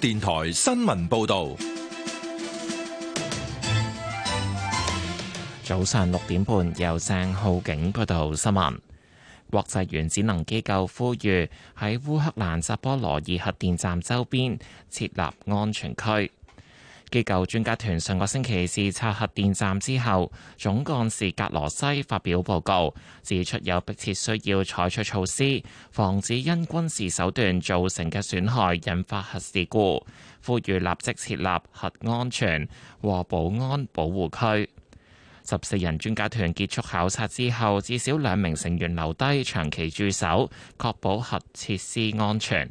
電台新聞報道：早上六點半，由鄭浩景報道新聞。國際原子能機構呼籲喺烏克蘭扎波羅爾核電站周邊設立安全區。機構專家團上個星期視察核電站之後，總幹事格羅西發表報告，指出有迫切需要採取措施，防止因軍事手段造成嘅損害引發核事故，呼籲立即設立核安全和保安保護區。十四人專家團結束考察之後，至少兩名成員留低長期駐守，確保核設施安全。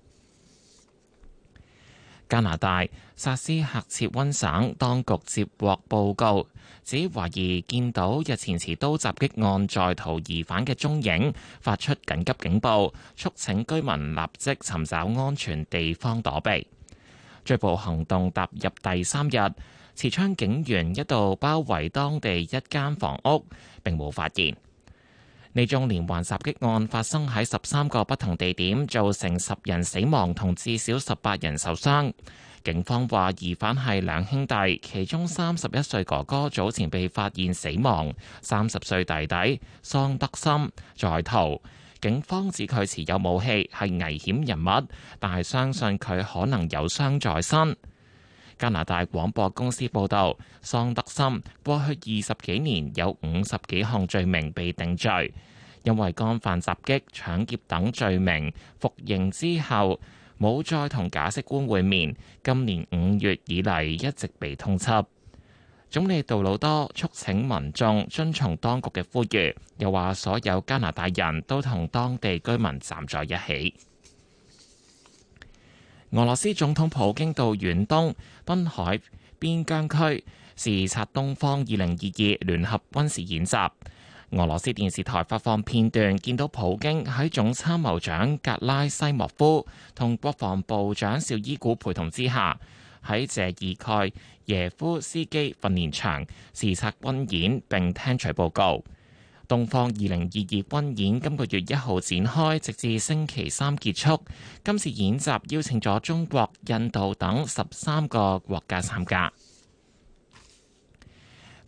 加拿大薩斯喀徹溫省當局接獲報告，指懷疑見到日前持刀襲擊案在逃疑犯嘅蹤影，發出緊急警報，促請居民立即尋找安全地方躲避。追捕行動踏入第三日，持槍警員一度包圍當地一間房屋，並冇發現。呢宗連環襲擊案發生喺十三個不同地點，造成十人死亡同至少十八人受傷。警方話疑犯係兩兄弟，其中三十一歲哥哥早前被發現死亡，三十歲弟弟桑德森在逃。警方指佢持有武器，係危險人物，但係相信佢可能有傷在身。加拿大廣播公司報道，桑德森過去二十幾年有五十幾項罪名被定罪。因為幹犯襲擊、搶劫等罪名服刑之後，冇再同假釋官會面。今年五月以嚟一直被通緝。總理杜魯多促請民眾遵從當局嘅呼籲，又話所有加拿大人都同當地居民站在一起。俄羅斯總統普京到遠東濱海邊疆區視察東方二零二二聯合軍事演習。俄羅斯電視台發放片段，見到普京喺總參謀長格拉西莫夫同國防部長邵伊古陪同之下，喺謝爾蓋耶夫斯基訓練場視察軍演並聽取報告。東方二零二二軍演今個月一號展開，直至星期三結束。今次演習邀請咗中國、印度等十三個國家參加。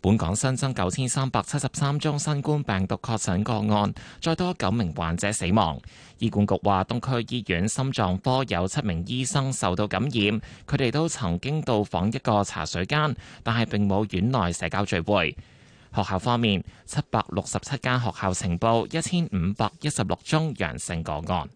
本港新增九千三百七十三宗新冠病毒確診個案，再多九名患者死亡。醫管局話，東區醫院心臟科有七名醫生受到感染，佢哋都曾經到訪一個茶水間，但係並冇院內社交聚會。學校方面，七百六十七間學校呈報一千五百一十六宗陽性個案。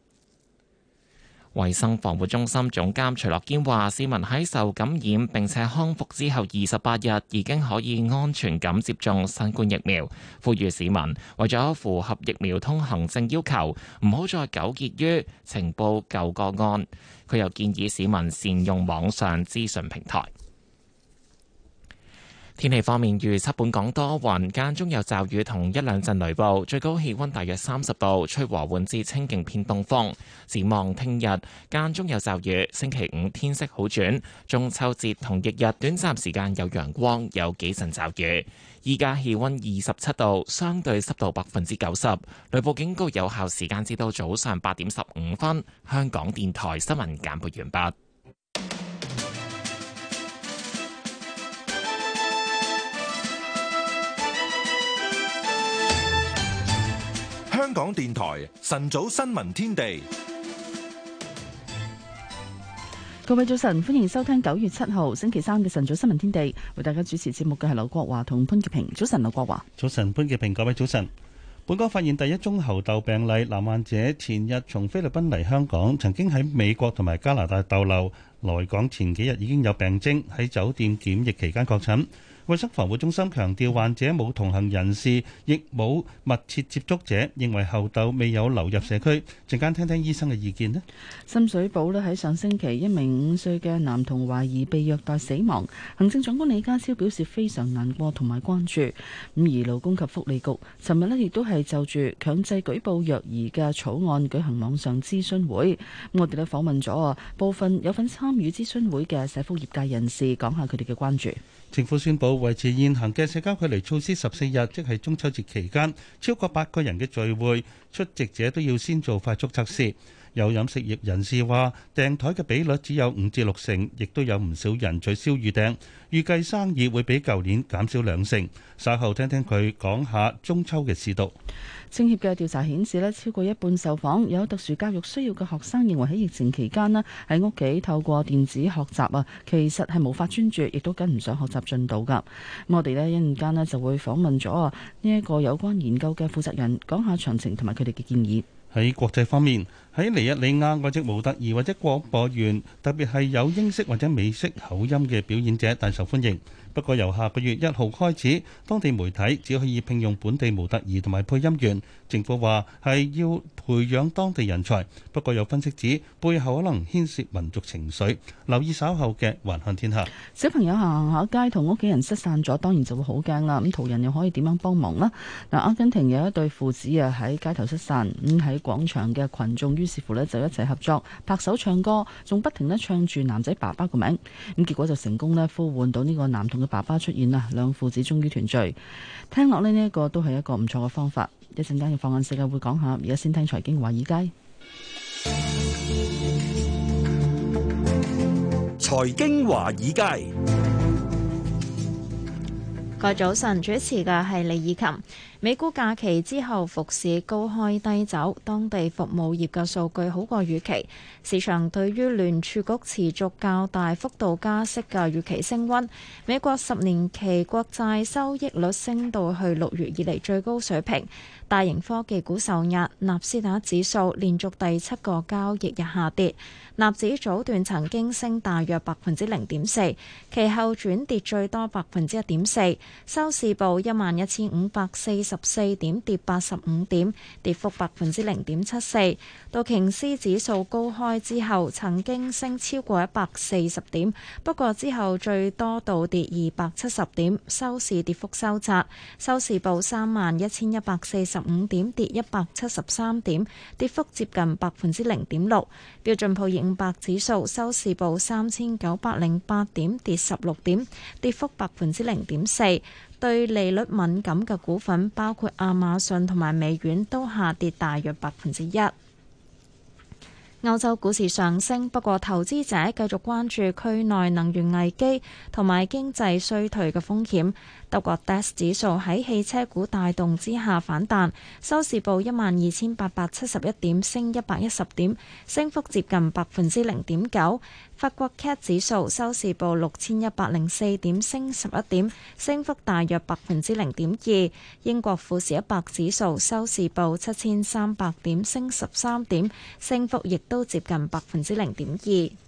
衛生防護中心總監徐樂堅話，市民喺受感染並且康復之後二十八日，已經可以安全咁接種新冠疫苗。呼籲市民為咗符合疫苗通行證要求，唔好再糾結於情報舊個案。佢又建議市民善用網上資訊平台。天氣方面，預測本港多雲，間中有驟雨同一兩陣雷暴，最高氣溫大約三十度，吹和緩至清勁偏東風。展望聽日間中有驟雨，星期五天色好轉，中秋節同翌日短暫時間有陽光，有幾陣驟雨。依家氣溫二十七度，相對濕度百分之九十，雷暴警告有效時間至到早上八點十五分。香港電台新聞簡報完畢。香港電台晨早新聞天地，各位早晨，歡迎收聽九月七號星期三嘅晨早新聞天地，為大家主持節目嘅係劉國華同潘潔平。早晨，劉國華。早晨，潘潔平。各位早晨。本港發現第一宗猴痘病例，男患者前日從菲律賓嚟香港，曾經喺美國同埋加拿大逗留，來港前幾日已經有病徵，喺酒店檢疫期間確診。衛生防護中心強調，患者冇同行人士，亦冇密切接觸者，認為猴痘未有流入社區。陣間聽聽醫生嘅意見咧。深水埗咧喺上星期，一名五歲嘅男童懷疑被虐待死亡。行政長官李家超表示非常難過同埋關注。咁而勞工及福利局尋日咧亦都係就住強制舉報虐兒嘅草案舉行網上諮詢會。我哋咧訪問咗啊部分有份參與諮詢會嘅社福業界人士，講下佢哋嘅關注。政府宣佈，維持現行嘅社交距離措施十四日，即係中秋節期間，超過八個人嘅聚會，出席者都要先做快速測試。有飲食業人士話，訂枱嘅比率只有五至六成，亦都有唔少人取消預訂，預計生意會比舊年減少兩成。稍後聽聽佢講下中秋嘅市道。政協嘅調查顯示咧，超過一半受訪有特殊教育需要嘅學生認為喺疫情期間咧喺屋企透過電子學習啊，其實係無法專注，亦都跟唔上學習進度噶。我哋呢一陣間咧就會訪問咗啊呢一個有關研究嘅負責人，講下詳情同埋佢哋嘅建議。喺國際方面，喺尼日利亞外籍模特兒或者廣播員，特別係有英式或者美式口音嘅表演者，大受歡迎。不過由下個月一號開始，當地媒體只可以聘用本地模特兒同埋配音員，政府話係要培養當地人才。不過有分析指背後可能牽涉民族情緒，留意稍後嘅《環行天下》。小朋友行行下街，同屋企人失散咗，當然就會好驚啦。咁途人又可以點樣幫忙咧？嗱，阿根廷有一對父子啊喺街頭失散，咁喺廣場嘅群眾於是乎咧就一齊合作，拍手唱歌，仲不停咧唱住男仔爸爸個名。咁結果就成功咧呼喚到呢個男童嘅。爸爸出現啦，兩父子終於團聚。聽落咧呢一個都係一個唔錯嘅方法。一陣間嘅放眼世界會講下，而家先聽財經華爾街。財經華爾街，個早晨主持嘅係李以琴。美股假期之後復市高開低走，當地服務業嘅數據好過預期，市場對於聯儲局持續較大幅度加息嘅預期升溫。美國十年期國債收益率升到去六月以嚟最高水平，大型科技股受壓，納斯達克指數連續第七個交易日下跌，納指早段曾經升大約百分之零點四，其後轉跌最多百分之一點四，收市報一萬一千五百四，十四點跌八十五點，跌幅百分之零點七四。道瓊斯指數高開之後，曾經升超過一百四十點，不過之後最多倒跌二百七十點，收市跌幅收窄。收市報三萬一千一百四十五點，跌一百七十三點，跌幅接近百分之零點六。標準普爾五百指數收市報三千九百零八點，跌十六點，跌幅百分之零點四。對利率敏感嘅股份，包括亞馬遜同埋微軟，都下跌大約百分之一。歐洲股市上升，不過投資者繼續關注區內能源危機同埋經濟衰退嘅風險。德國 DAX 指數喺汽車股帶動之下反彈，收市報一萬二千八百七十一點，升一百一十點，升幅接近百分之零點九。法國 CAC 指數收市報六千一百零四點，升十一點，升幅大約百分之零點二。英國富時一百指數收市報七千三百點，升十三點，升幅亦都接近百分之零點二。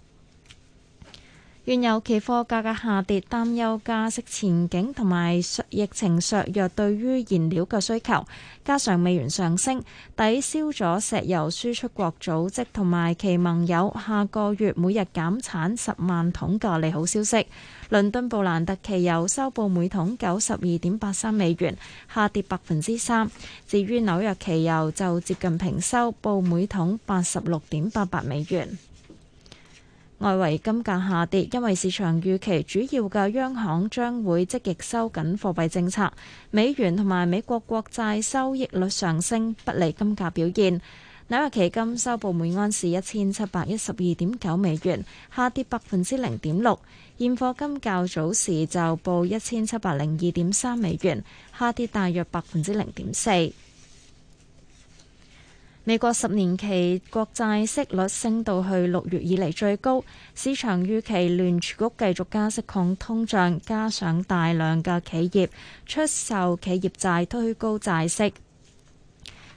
原油期貨價格下跌，擔憂加息前景同埋疫情削弱對於燃料嘅需求，加上美元上升抵消咗石油輸出國組織同埋其盟友下個月每日減產十萬桶嘅利好消息。倫敦布蘭特期油收報每桶九十二點八三美元，下跌百分之三。至於紐約期油就接近平收，報每桶八十六點八八美元。外圍金價下跌，因為市場預期主要嘅央行將會積極收緊貨幣政策。美元同埋美國國債收益率上升，不利金價表現。紐約期金收報每安士一千七百一十二點九美元，下跌百分之零點六。現貨金較早時就報一千七百零二點三美元，下跌大約百分之零點四。美國十年期國債息率升到去六月以嚟最高，市場預期聯儲局繼續加息抗通脹，加上大量嘅企業出售企業債推高債息。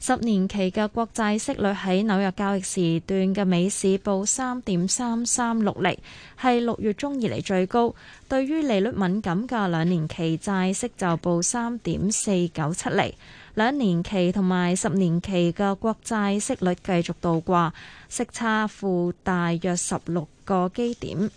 十年期嘅國債息率喺紐約交易時段嘅美市報三點三三六厘，係六月中以嚟最高。對於利率敏感嘅兩年期債息就報三點四九七厘。兩年期同埋十年期嘅國債息率繼續倒掛，息差負大約十六個基點。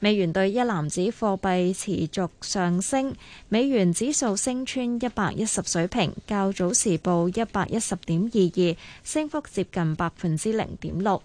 美元兌一籃子貨幣持續上升，美元指數升穿一百一十水平，較早時報一百一十點二二，升幅接近百分之零點六。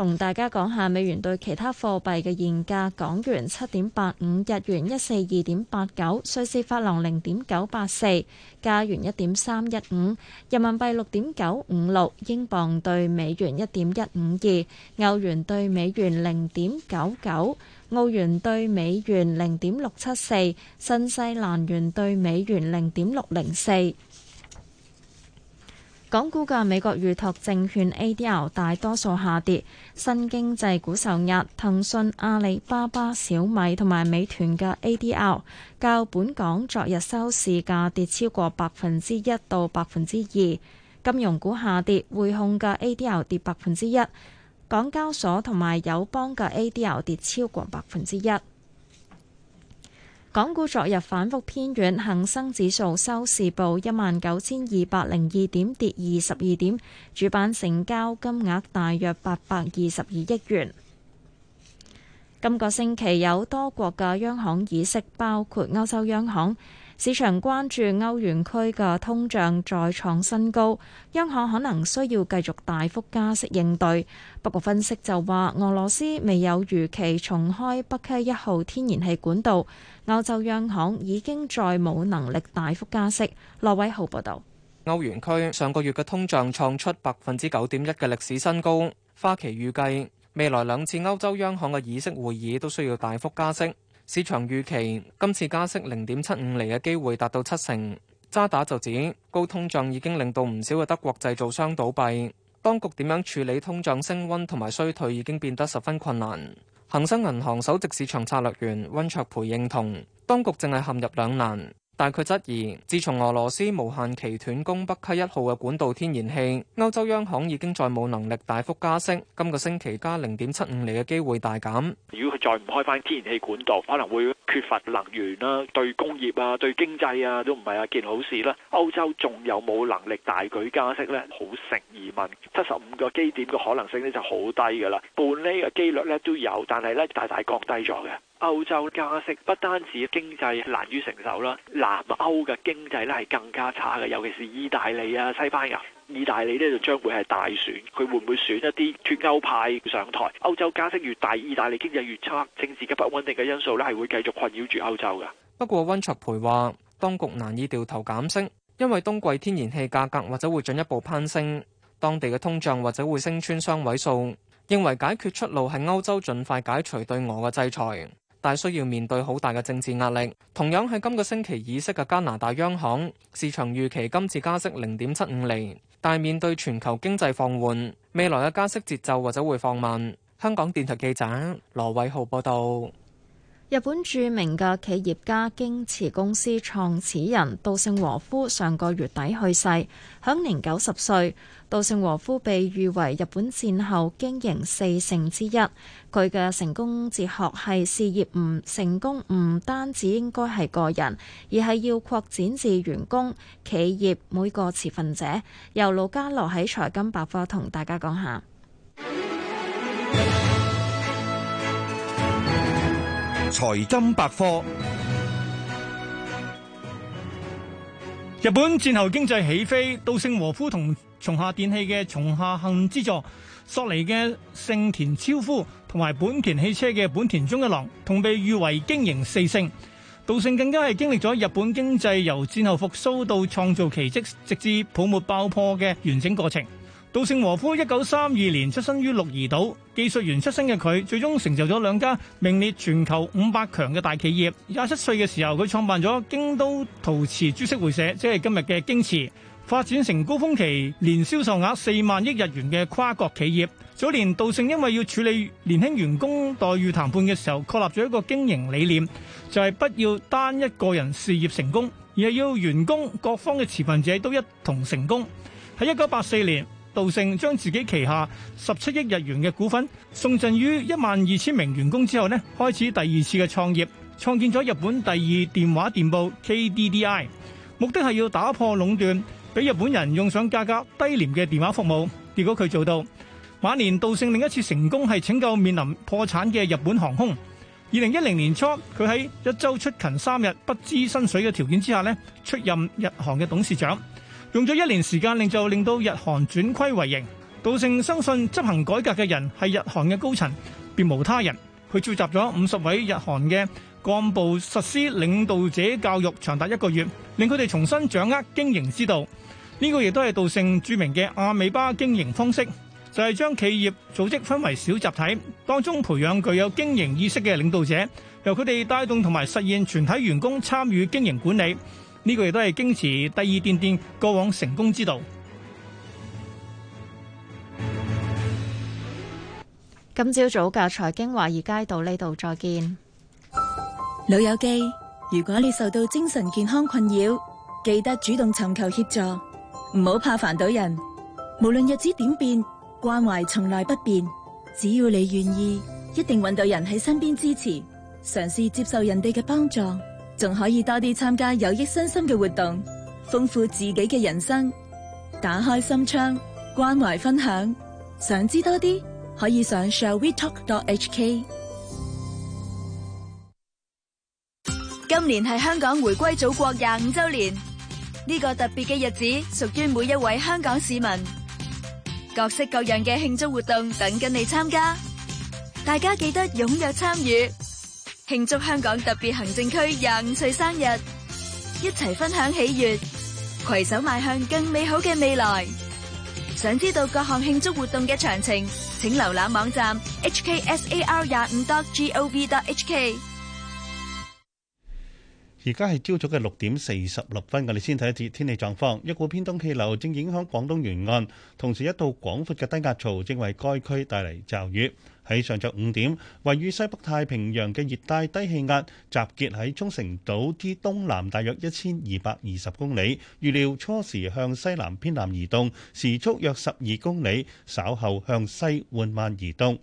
同大家講下美元對其他貨幣嘅現價：港元七點八五，日元一四二點八九，瑞士法郎零點九八四，加元一點三一五，人民幣六點九五六，英鎊對美元一點一五二，歐元對美元零點九九，澳元對美元零點六七四，新西蘭元對美元零點六零四。港股嘅美國預託證券 ADR 大多數下跌，新經濟股受壓，騰訊、阿里巴巴、小米同埋美團嘅 ADR 較本港昨日收市價跌超過百分之一到百分之二。金融股下跌，匯控嘅 ADR 跌百分之一，港交所同埋友邦嘅 ADR 跌超過百分之一。港股昨日反覆偏軟，恒生指數收市報一萬九千二百零二點，跌二十二點，主板成交金額大約八百二十二億元。今個星期有多國嘅央行議息，包括歐洲央行。市場關注歐元區嘅通脹再創新高，央行可能需要繼續大幅加息應對。不過分析就話，俄羅斯未有預期重開北溪一號天然氣管道，歐洲央行已經再冇能力大幅加息。羅偉浩報道，歐元區上個月嘅通脹創出百分之九點一嘅歷史新高，花旗預計，未來兩次歐洲央行嘅議息會議都需要大幅加息。市場預期今次加息零點七五厘嘅機會達到七成。渣打就指高通脹已經令到唔少嘅德國製造商倒閉，當局點樣處理通脹升温同埋衰退已經變得十分困難。恒生銀行首席市場策略員温卓培認同，當局淨係陷入兩難。但佢質疑，自從俄羅斯無限期斷供北溪一號嘅管道天然氣，歐洲央行已經再冇能力大幅加息。今個星期加零點七五厘嘅機會大減。如果佢再唔開翻天然氣管道，可能會缺乏能源啦，對工業啊、對經濟啊都唔係一件好事啦。歐洲仲有冇能力大舉加息咧？好成疑問。七十五個基點嘅可能性咧就好低㗎啦，半厘嘅機率咧都有，但係咧大大降低咗嘅。歐洲加息不單止經濟難於承受啦，南歐嘅經濟咧係更加差嘅，尤其是意大利啊、西班牙。意大利呢就將會係大選，佢會唔會選一啲脫歐派上台？歐洲加息越大，意大利經濟越差，政治嘅不穩定嘅因素咧係會繼續困擾住歐洲嘅。不過，温卓培話，當局難以掉頭減息，因為冬季天然氣價格或者會進一步攀升，當地嘅通脹或者會升穿雙位數。認為解決出路係歐洲盡快解除對俄嘅制裁。但需要面對好大嘅政治壓力。同樣係今個星期議息嘅加拿大央行，市場預期今次加息零點七五厘，但面對全球經濟放緩，未來嘅加息節奏或者會放慢。香港電台記者羅偉浩報道。日本著名嘅企業家京瓷公司創始人稻盛和夫上個月底去世，享年九十歲。稻盛和夫被譽為日本戰後經營四聖之一。佢嘅成功哲學係事業唔成功唔單止應該係個人，而係要擴展至員工、企業每個持份者。由盧嘉樂喺財金百貨同大家講下。 財經百科。日本戰後經濟起飛，稻盛和夫同松下電器嘅松下幸之助、索尼嘅盛田昭夫，同埋本田汽車嘅本田中一郎，同被譽為經營四聖。稻盛更加係經歷咗日本經濟由戰後複甦到創造奇蹟，直至泡沫爆破嘅完整過程。稻盛和夫一九三二年出生於鹿兒島，技術員出身嘅佢，最終成就咗兩家名列全球五百強嘅大企業。廿七歲嘅時候，佢創辦咗京都陶瓷株式會社，即係今日嘅京瓷，發展成高峰期年銷售額四萬億日元嘅跨國企業。早年稻盛因為要處理年輕員工待遇談判嘅時候，確立咗一個經營理念，就係、是、不要單一個人事業成功，而係要員工各方嘅持份者都一同成功。喺一九八四年。稻盛將自己旗下十七億日元嘅股份送贈於一萬二千名員工之後咧，開始第二次嘅創業，創建咗日本第二電話電報 KDDI，目的係要打破壟斷，俾日本人用上價格低廉嘅電話服務。結果佢做到。晚年稻盛另一次成功係拯救面臨破產嘅日本航空。二零一零年初，佢喺一周出勤三日、不支薪水嘅條件之下咧，出任日航嘅董事長。用咗一年時間令就令到日韓轉虧為盈。道盛相信執行改革嘅人係日韓嘅高層，別無他人。佢召集咗五十位日韓嘅幹部實施領導者教育，長達一個月，令佢哋重新掌握經營之道。呢個亦都係道盛著名嘅阿米巴經營方式，就係將企業組織分為小集體，當中培養具有經營意識嘅領導者，由佢哋帶動同埋實現全體員工參與經營管理。呢個亦都係堅持第二店店過往成功之道。今朝早嘅財經華爾街到呢度再見。老友記，如果你受到精神健康困擾，記得主動尋求協助，唔好怕煩到人。無論日子點變，關懷從來不變。只要你願意，一定揾到人喺身邊支持，嘗試接受人哋嘅幫助。仲可以多啲參加有益身心嘅活動，豐富自己嘅人生，打開心窗，關懷分享。想知多啲，可以上 ShallWeTalk.hk。今年係香港回歸祖國廿五周年，呢個特別嘅日子屬於每一位香港市民，各式各樣嘅慶祝活動等緊你參加，大家記得踴躍參與。慶祝香港特別行政區廿五歲生日，一齊分享喜悅，攜手邁向更美好嘅未來。想知道各項慶祝活動嘅詳情，請瀏覽網站 hksar 廿五 dot gov dot hk。而家係朝早嘅六點四十六分，我哋先睇一節天氣狀況。一股偏東氣流正影響廣東沿岸，同時一道廣闊嘅低壓槽正為該區帶嚟驟雨。喺上晝五點，位於西北太平洋嘅熱帶低氣壓集結喺沖繩島之東南，大約一千二百二十公里。預料初時向西南偏南移動，時速約十二公里，稍後向西緩慢移動。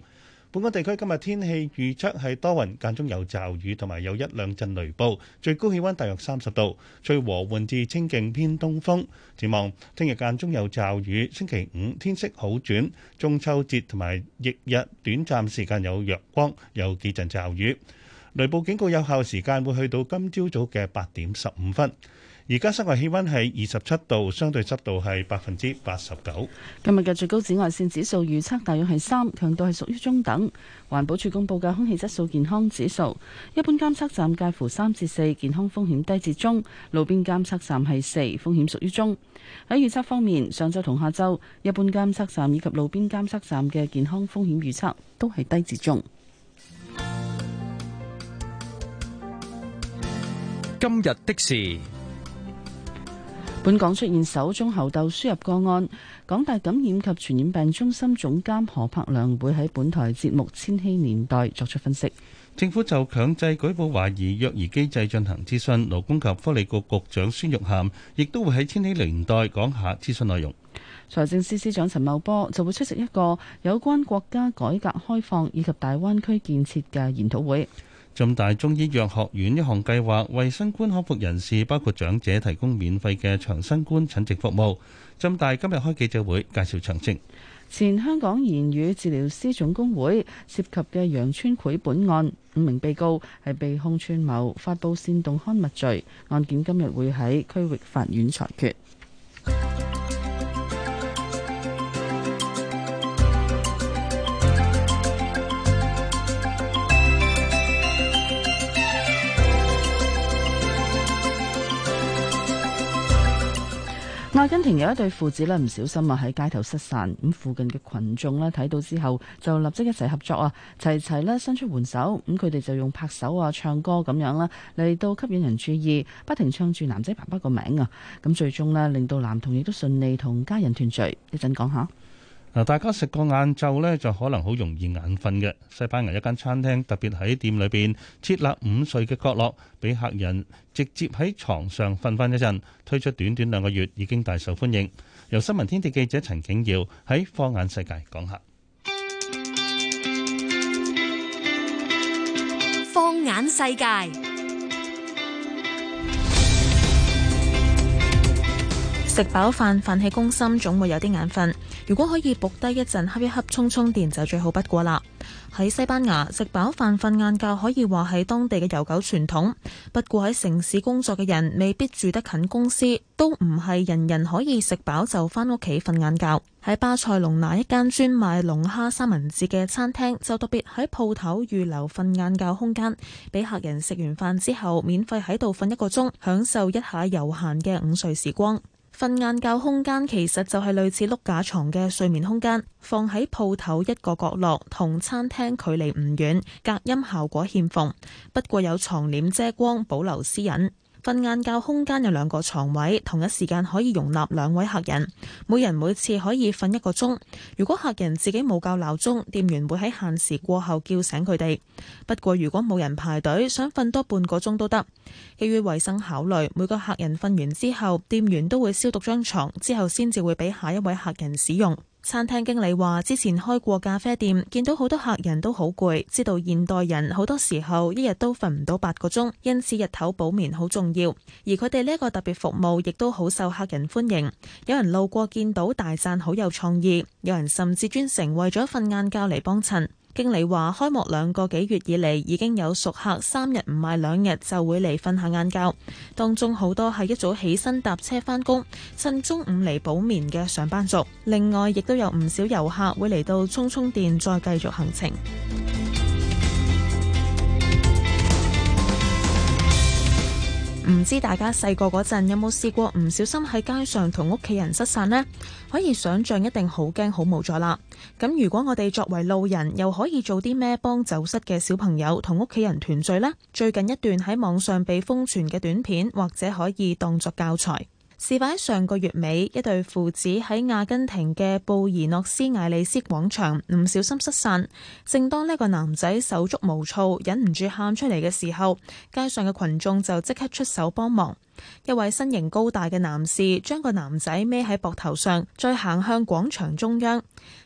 本港地區今日天，天氣預測係多雲間中有驟雨，同埋有一兩陣雷暴，最高氣溫大約三十度，吹和緩至清勁偏東風，展望聽日間中有驟雨，星期五天色好轉，中秋節同埋翌日短暫時間有陽光，有幾陣驟雨，雷暴警告有效時間會去到今朝早嘅八點十五分。而家室外氣溫係二十七度，相對濕度係百分之八十九。今日嘅最高紫外線指數預測大約係三，強度係屬於中等。環保署公布嘅空氣質素健康指數，一般監測站介乎三至四，健康風險低至中；路邊監測站係四，風險屬於中。喺預測方面，上晝同下晝一般監測站以及路邊監測站嘅健康風險預測都係低至中。今日的事。本港出現首宗猴痘輸入個案，港大感染及傳染病中心總監何柏良會喺本台節目《千禧年代》作出分析。政府就強制舉報懷疑虐兒機制進行諮詢，勞工及福利局局長孫玉菡亦都會喺《千禧年代》講下諮詢內容。財政司司長陳茂波就會出席一個有關國家改革開放以及大灣區建設嘅研討會。浸大中醫藥學院一項計劃，為新冠康復人士，包括長者，提供免費嘅長新冠診籍服務。浸大今日開記者會介紹詳情。前香港言語治療師總工會涉及嘅羊村繪本案，五名被告係被控串謀發布煽動刊物罪，案件今日會喺區域法院裁決。阿根廷有一對父子咧唔小心啊喺街頭失散，咁附近嘅群眾咧睇到之後就立即一齊合作啊，齊齊咧伸出援手，咁佢哋就用拍手啊、唱歌咁樣咧嚟到吸引人注意，不停唱住男仔爸爸個名啊，咁最終咧令到男童亦都順利同家人團聚。一陣講下。嗱，大家食個晏晝呢，就可能好容易眼瞓嘅。西班牙一間餐廳特別喺店裏邊設立午睡嘅角落，俾客人直接喺床上瞓翻一陣。推出短短兩個月，已經大受歡迎。由新聞天地記者陳景耀喺《放眼世界》講下，《放眼世界》食飽飯，飯氣攻心，總會有啲眼瞓。如果可以伏低一陣，瞌一瞌充充電就最好不過啦。喺西班牙，食飽飯瞓晏覺可以話係當地嘅悠久傳統。不過喺城市工作嘅人未必住得近公司，都唔係人人可以食飽就返屋企瞓晏覺。喺巴塞隆拿一間專賣龍蝦三文治嘅餐廳，就特別喺鋪頭預留瞓晏覺空間，俾客人食完飯之後免費喺度瞓一個鐘，享受一下悠閒嘅午睡時光。瞓晏覺空間其實就係類似碌架床嘅睡眠空間，放喺鋪頭一個角落，同餐廳距離唔遠，隔音效果欠奉，不過有床簾遮光，保留私隱。瞓晏覺空間有兩個床位，同一時間可以容納兩位客人，每人每次可以瞓一個鐘。如果客人自己冇夠鬧鐘，店員會喺限時過後叫醒佢哋。不過如果冇人排隊，想瞓多半個鐘都得。基於衛生考慮，每個客人瞓完之後，店員都會消毒張床，之後先至會俾下一位客人使用。餐廳經理話：之前開過咖啡店，見到好多客人都好攰，知道現代人好多時候一日都瞓唔到八個鐘，因此日頭補眠好重要。而佢哋呢個特別服務，亦都好受客人歡迎。有人路過見到大讚好有創意，有人甚至專程為咗瞓晏覺嚟幫襯。經理話：開幕兩個幾月以嚟，已經有熟客三日唔買兩日就會嚟瞓下晏覺，當中好多係一早起身搭車返工，趁中午嚟補眠嘅上班族。另外，亦都有唔少遊客會嚟到充充電，再繼續行程。唔知大家細個嗰陣有冇試過唔小心喺街上同屋企人失散呢？可以想像一定好驚好無助啦。咁如果我哋作為路人，又可以做啲咩幫走失嘅小朋友同屋企人團聚呢？最近一段喺網上被瘋傳嘅短片，或者可以當作教材。事發喺上個月尾，一對父子喺阿根廷嘅布宜諾斯艾利斯廣場唔小心失散。正當呢個男仔手足無措、忍唔住喊出嚟嘅時候，街上嘅群眾就即刻出手幫忙。一位身形高大嘅男士將個男仔孭喺膊頭上，再行向廣場中央。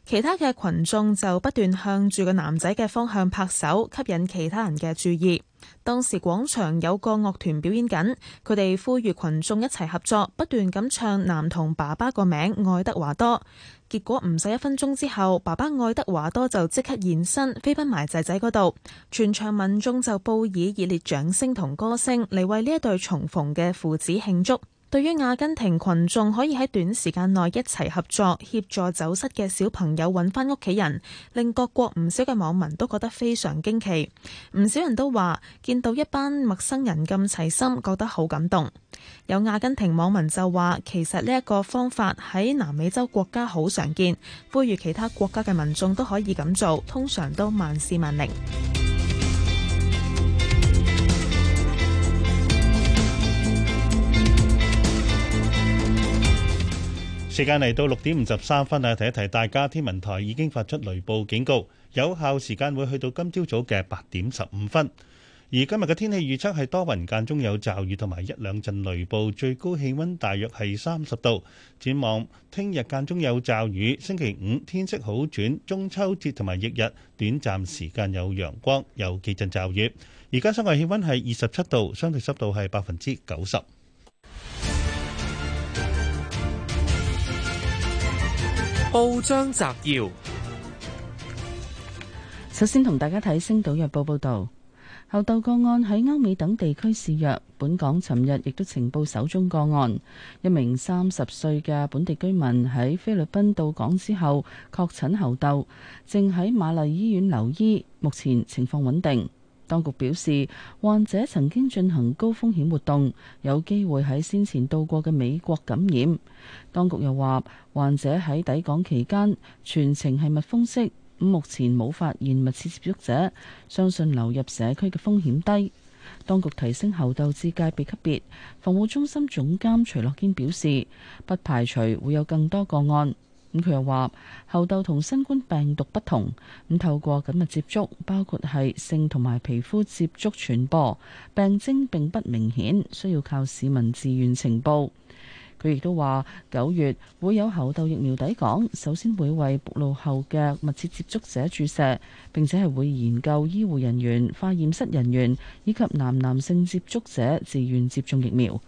其他嘅群眾就不斷向住個男仔嘅方向拍手，吸引其他人嘅注意。當時廣場有個樂團表演緊，佢哋呼籲群眾一齊合作，不斷咁唱《男童爸爸》個名愛德華多。結果唔使一分鐘之後，爸爸愛德華多就即刻現身，飛奔埋仔仔嗰度，全場民眾就報以熱烈掌聲同歌聲嚟為呢一對重逢嘅父子慶祝。對於阿根廷群眾可以喺短時間內一齊合作協助走失嘅小朋友揾翻屋企人，令各國唔少嘅網民都覺得非常驚奇。唔少人都話見到一班陌生人咁齊心，覺得好感動。有阿根廷網民就話，其實呢一個方法喺南美洲國家好常見，呼籲其他國家嘅民眾都可以咁做，通常都萬事萬靈。時間嚟到六點五十三分啊！提一提大家，天文台已經發出雷暴警告，有效時間會去到今朝早嘅八點十五分。而今日嘅天氣預測係多雲間中有驟雨同埋一兩陣雷暴，最高氣溫大約係三十度。展望聽日間中有驟雨，星期五天色好轉，中秋節同埋翌日短暫時間有陽光，有幾陣驟雨。而家室外氣溫係二十七度，相對濕度係百分之九十。報章摘要：首先同大家睇《星島日報》報道，猴痘個案喺歐美等地區肆虐，本港尋日亦都呈報首宗個案，一名三十歲嘅本地居民喺菲律賓到港之後確診猴痘，正喺瑪麗醫院留醫，目前情況穩定。當局表示，患者曾經進行高風險活動，有機會喺先前到過嘅美國感染。當局又話，患者喺抵港期間全程係密封式，目前冇發現密切接觸者，相信流入社區嘅風險低。當局提升猴痘至戒備級別，防護中心總監徐樂堅表示，不排除會有更多個案。咁佢又話：猴痘同新冠病毒不同，咁透過緊密接觸，包括係性同埋皮膚接觸傳播，病徵並不明顯，需要靠市民自願呈報。佢亦都話九月會有猴痘疫苗抵港，首先會為暴露後嘅密切接觸者注射，並且係會研究醫護人員、化驗室人員以及男男性接觸者自願接種疫苗。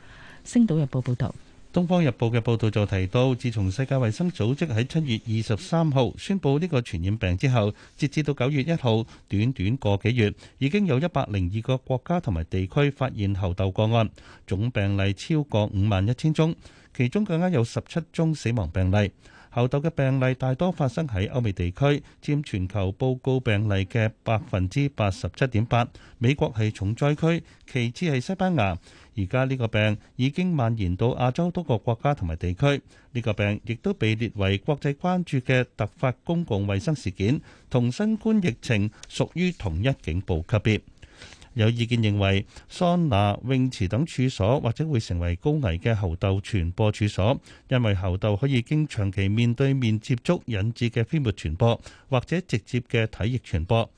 星島日報報道。《東方日報》嘅報導就提到，自從世界衛生組織喺七月二十三號宣布呢個傳染病之後，截至到九月一號，短短個幾月，已經有一百零二個國家同埋地區發現猴痘個案，總病例超過五萬一千宗，其中更加有十七宗死亡病例。猴痘嘅病例大多發生喺歐美地區，佔全球報告病例嘅百分之八十七點八。美國係重災區，其次係西班牙。而家呢個病已經蔓延到亞洲多個國，國家同埋地區。呢、這個病亦都被列為國際關注嘅突發公共衛生事件，同新冠疫情屬於同一警報級別。有意見認為，桑拿、泳池等處所或者會成為高危嘅猴痘傳播處所，因為猴痘可以經長期面對面接觸引致嘅飛沫傳播，或者直接嘅體液傳播。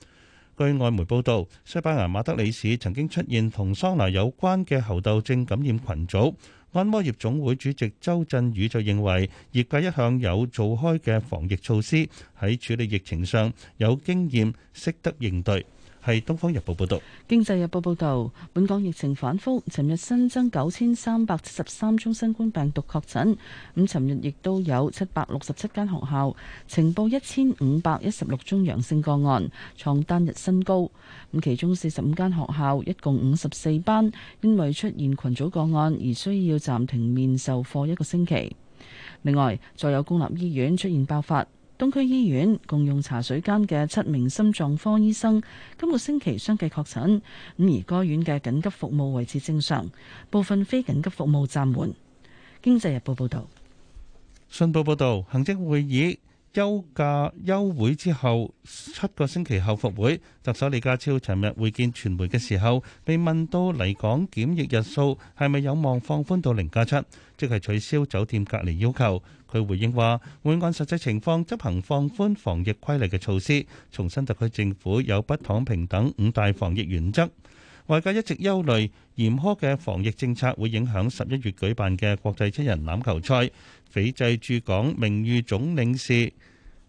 據外媒報導，西班牙馬德里市曾經出現同桑拿有關嘅猴痘症感染群組。按摩業總會主席周振宇就認為，業界一向有做開嘅防疫措施，喺處理疫情上有經驗，識得應對。係《東方日報》報道，《經濟日報》報道。本港疫情反覆尋日新增九千三百七十三宗新冠病毒確診。咁尋日亦都有七百六十七間學校呈報一千五百一十六宗陽性個案，創單日新高。咁其中四十五間學校，一共五十四班，因為出現群組個案而需要暫停面授課一個星期。另外，再有公立醫院出現爆發。東區醫院共用茶水間嘅七名心臟科醫生今個星期相繼確診，咁而該院嘅緊急服務維持正常，部分非緊急服務暫緩。經濟日報報道，信報報道，行政會議休假休會之後，七個星期後復會。特首李家超尋日會見傳媒嘅時候，被問到嚟港檢疫日數係咪有望放寬到零加七，即係取消酒店隔離要求。佢回應話：會按實際情況執行放寬防疫規例嘅措施，重申特區政府有不躺平等五大防疫原則。外界一直憂慮嚴苛嘅防疫政策會影響十一月舉辦嘅國際七人籃球賽。斐濟駐港名譽總領事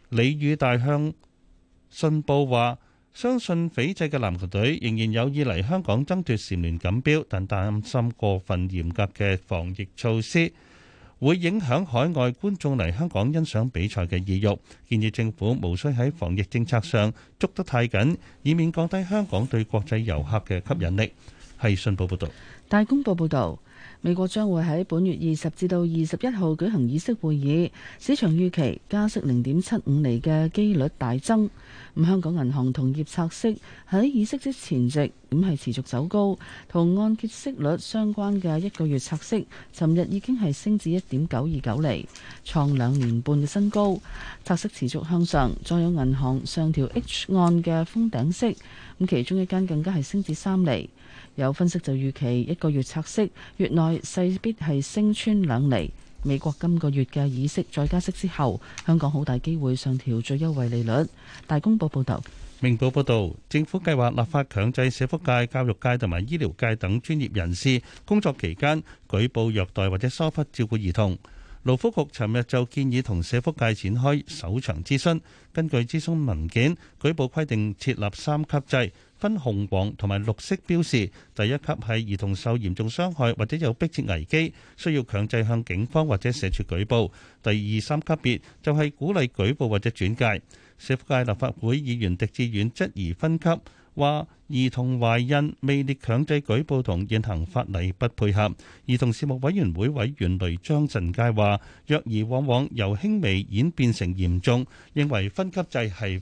李宇大向信報話：相信斐濟嘅籃球隊仍然有意嚟香港爭奪蟬聯錦標，但擔心過分嚴格嘅防疫措施。會影響海外觀眾嚟香港欣賞比賽嘅意欲，建議政府無需喺防疫政策上捉得太緊，以免降低香港對國際遊客嘅吸引力。係信報報道，大公報報道，美國將會喺本月二十至到二十一號舉行議息會議，市場預期加息零點七五厘嘅機率大增。咁香港銀行同業拆息喺議息之前夕，咁係持續走高，同按揭息率相關嘅一個月拆息，尋日已經係升至一點九二九釐，創兩年半嘅新高。拆息持續向上，再有銀行上調 H 按嘅封頂息，咁其中一間更加係升至三厘。有分析就預期一個月拆息月內勢必係升穿兩厘。美國今個月嘅議息再加息之後，香港好大機會上調最優惠利率。大公報報道。明報報道，政府計劃立法強制社福界、教育界同埋醫療界等專業人士工作期間舉報虐待或者疏忽照顧兒童。勞福局尋日就建議同社福界展開首場諮詢。根據諮詢文件，舉報規定設立三級制。分紅黃同埋綠色標示，第一級係兒童受嚴重傷害或者有迫切危機，需要強制向警方或者社署舉報；第二、三級別就係鼓勵舉報或者轉介。社福界立法會議員狄志遠質疑分級，話兒童懷孕未列強制舉報同現行法例不配合。兒童事務委員會委員雷張慎佳話：虐兒往往由輕微演變成嚴重，認為分級制係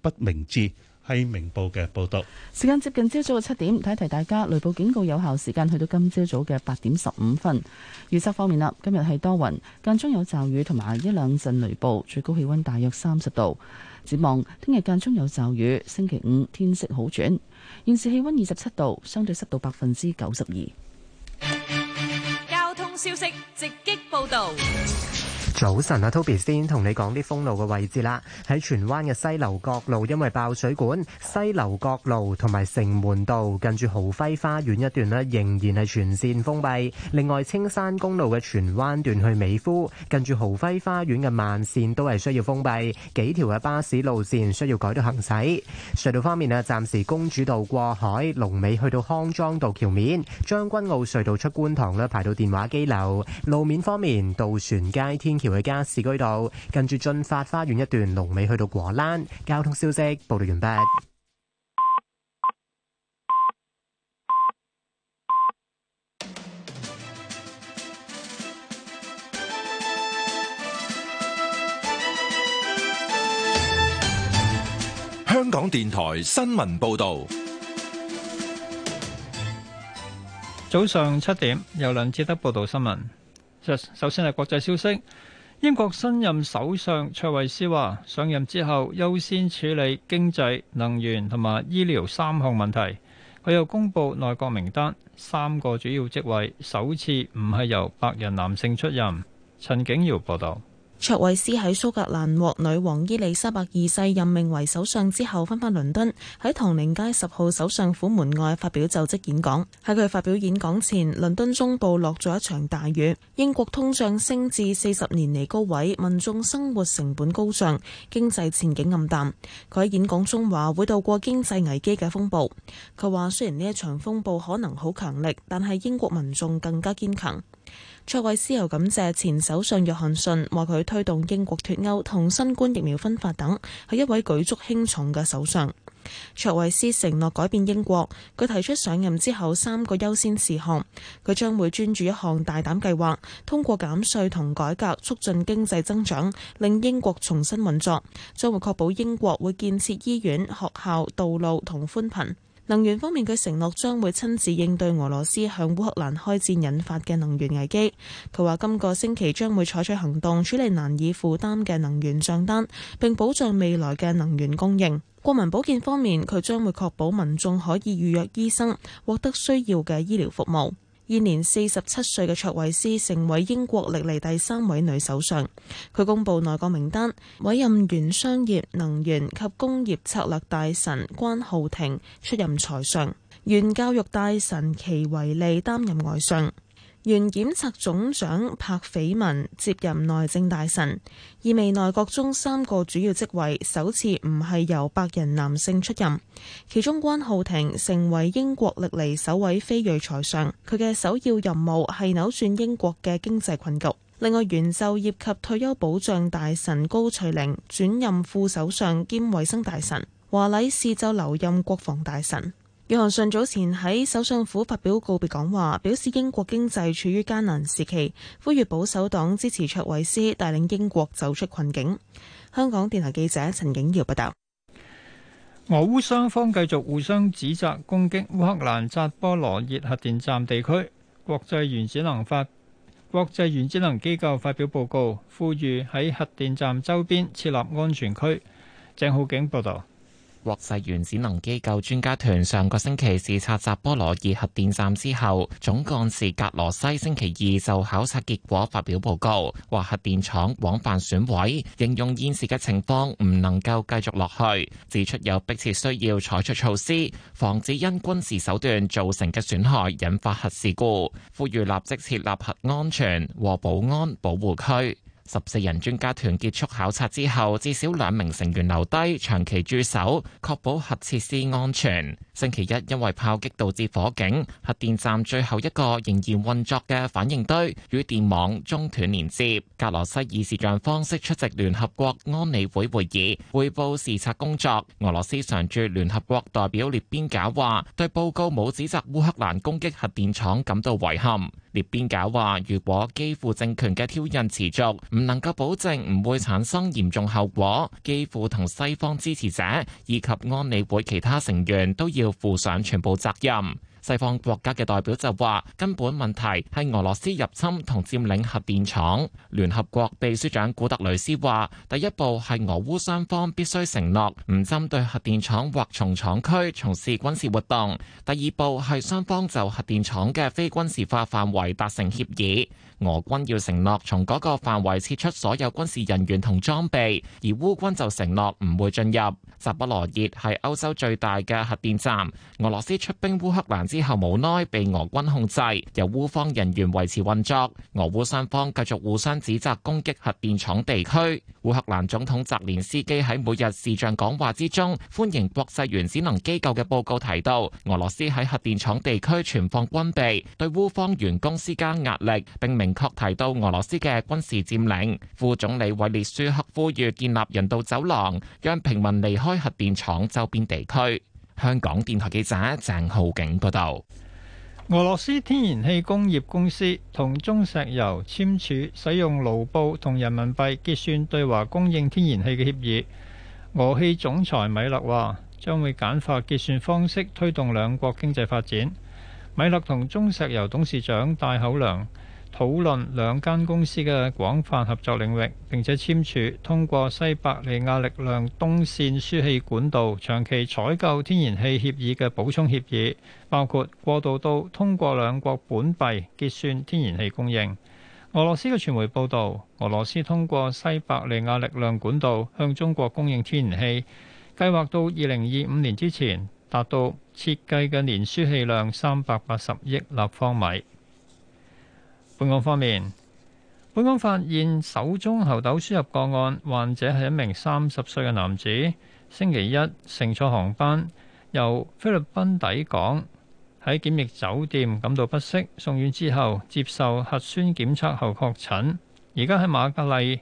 不明智。《明報》嘅報道，時間接近朝早嘅七點，提一提大家雷暴警告有效時間去到今朝早嘅八點十五分。預測方面啦，今日係多雲，間中有驟雨同埋一兩陣雷暴，最高氣溫大約三十度。展望聽日間中有驟雨，星期五天色好轉。現時氣溫二十七度，相對濕度百分之九十二。交通消息直擊報道。早晨啊，Toby 先同你講啲封路嘅位置啦。喺荃灣嘅西樓角路因為爆水管，西樓角路同埋城門道近住豪輝花園一段咧，仍然係全線封閉。另外，青山公路嘅荃灣段去美孚，近住豪輝花園嘅慢線都係需要封閉，幾條嘅巴士路線需要改道行駛。隧道方面咧，暫時公主道過海龍尾去到康莊道橋面，將軍澳隧道出觀塘咧排到電話機樓。路面方面，渡船街天橋。回家市區道近住駿發花園一段，龍尾去到果欄。交通消息報道完畢。香港電台新聞報道，早上七點由梁志德報道新聞。首先係國際消息。英國新任首相卓慧斯話：上任之後，優先處理經濟、能源同埋醫療三項問題。佢又公布內閣名單，三個主要職位首次唔係由白人男性出任。陳景堯報道。卓慧斯喺蘇格蘭獲女王伊麗莎白二世任命為首相之後，翻返倫敦喺唐寧街十號首相府門外發表就職演講。喺佢發表演講前，倫敦中部落咗一場大雨。英國通脹升至四十年嚟高位，民眾生活成本高漲，經濟前景暗淡。佢喺演講中話會度過經濟危機嘅風暴。佢話，雖然呢一場風暴可能好強力，但係英國民眾更加堅強。卓慧思又感謝前首相約翰遜，話佢推動英國脫歐同新冠疫苗分發等，係一位舉足輕重嘅首相。卓慧思承諾改變英國，佢提出上任之後三個優先事項，佢將會專注一項大膽計劃，通過減稅同改革促進經濟增長，令英國重新運作，將會確保英國會建設醫院、學校、道路同寬頻。能源方面，佢承諾將會親自應對俄羅斯向烏克蘭開戰引發嘅能源危機。佢話今個星期將會採取行動處理難以負擔嘅能源賬單，並保障未來嘅能源供應。國民保健方面，佢將會確保民眾可以預約醫生，獲得需要嘅醫療服務。現年四十七歲嘅卓慧斯成為英國歷嚟第三位女首相。佢公布內閣名單，委任原商業、能源及工業策略大臣關浩庭出任財相，原教育大臣奇維利擔任外相。原檢察總長柏斐文接任內政大臣，意味內閣中三個主要職位首次唔係由白人男性出任。其中關浩庭成為英國歷嚟首位非裔財相，佢嘅首要任務係扭轉英國嘅經濟困局。另外，原就業及退休保障大臣高翠玲轉任副首相兼衛生大臣，華禮士就留任國防大臣。約翰遜早前喺首相府發表告別講話，表示英國經濟處於艱難時期，呼籲保守黨支持卓慧思帶領英國走出困境。香港電台記者陳景耀報道。俄烏雙方繼續互相指責攻擊烏克蘭扎波羅熱核電站地區，國際原子能發國際原子能機構發表報告，呼籲喺核電站周邊設立安全區。鄭浩景報道。國際原子能機構專家團上個星期視察扎波羅熱核電站之後，總幹事格羅西星期二就考察結果發表報告，話核電廠廣泛損毀，形容現時嘅情況唔能夠繼續落去，指出有迫切需要採取措施，防止因軍事手段造成嘅損害引發核事故，呼籲立即設立核安全和保安保護區。十四人專家團結束考察之後，至少兩名成員留低，長期駐守，確保核設施安全。星期一因為炮擊導致火警，核電站最後一個仍然運作嘅反應堆與電網中斷連接。格羅西以視像方式出席聯合國安理會會議，彙報視察工作。俄羅斯常駐聯合國代表列邊賈話對報告冇指責烏克蘭攻擊核電廠感到遺憾。列邊賈話，如果基輔政權嘅挑釁持續，能夠保證唔會產生嚴重後果，幾乎同西方支持者以及安理會其他成員都要負上全部責任。西方國家嘅代表就話，根本問題係俄羅斯入侵同佔領核電廠。聯合國秘書長古特雷斯話，第一步係俄烏雙方必須承諾唔針對核電廠或從廠區從事軍事活動，第二步係雙方就核電廠嘅非軍事化範圍達成協議。俄軍要承諾從嗰個範圍撤出所有軍事人員同裝備，而烏軍就承諾唔會進入。扎波羅熱係歐洲最大嘅核電站，俄羅斯出兵烏克蘭之後無耐被俄軍控制，由烏方人員維持運作。俄烏雙方繼續互相指責攻擊核電廠地區。烏克蘭總統澤連斯基喺每日視像講話之中歡迎國際原子能機構嘅報告，提到俄羅斯喺核電廠地區存放軍備，對烏方員工施加壓力並明。明確提到俄羅斯嘅軍事佔領。副總理維列舒克呼籲建立人道走廊，讓平民離開核電廠周邊地區。香港電台記者鄭浩景報道：俄羅斯天然氣工業公司同中石油簽署使用盧布同人民幣結算對華供應天然氣嘅協議。俄氣總裁米勒話，將會簡化結算方式，推動兩國經濟發展。米勒同中石油董事長戴厚良。討論兩間公司嘅廣泛合作領域，並且簽署通過西伯利亞力量東線輸氣管道長期採購天然氣協議嘅補充協議，包括過渡到通過兩國本幣結算天然氣供應。俄羅斯嘅傳媒報導，俄羅斯通過西伯利亞力量管道向中國供應天然氣，計劃到二零二五年之前達到設計嘅年輸氣量三百八十億立方米。本港方面，本港發現首宗猴痘輸入個案，患者係一名三十歲嘅男子，星期一乘坐航班由菲律賓抵港，喺檢疫酒店感到不適，送院之後接受核酸檢測後確診，而家喺瑪格麗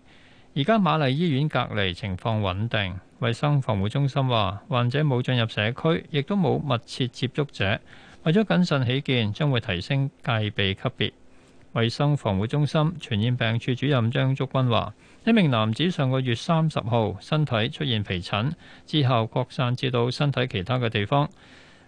而家瑪麗醫院隔離情況穩定。衛生防護中心話患者冇進入社區，亦都冇密切接觸者。為咗謹慎起見，將會提升戒備級別。衛生防護中心傳染病處主任張竹君話，一名男子上個月三十號身體出現皮疹，之後擴散至到身體其他嘅地方。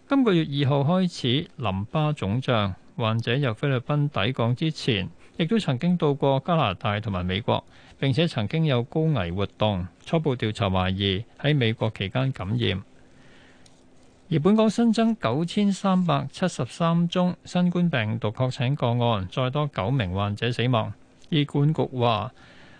今個月二號開始淋巴腫脹。患者由菲律賓抵港之前，亦都曾經到過加拿大同埋美國，並且曾經有高危活動。初步調查懷疑喺美國期間感染。而本港新增九千三百七十三宗新冠病毒確診個案，再多九名患者死亡。醫管局話，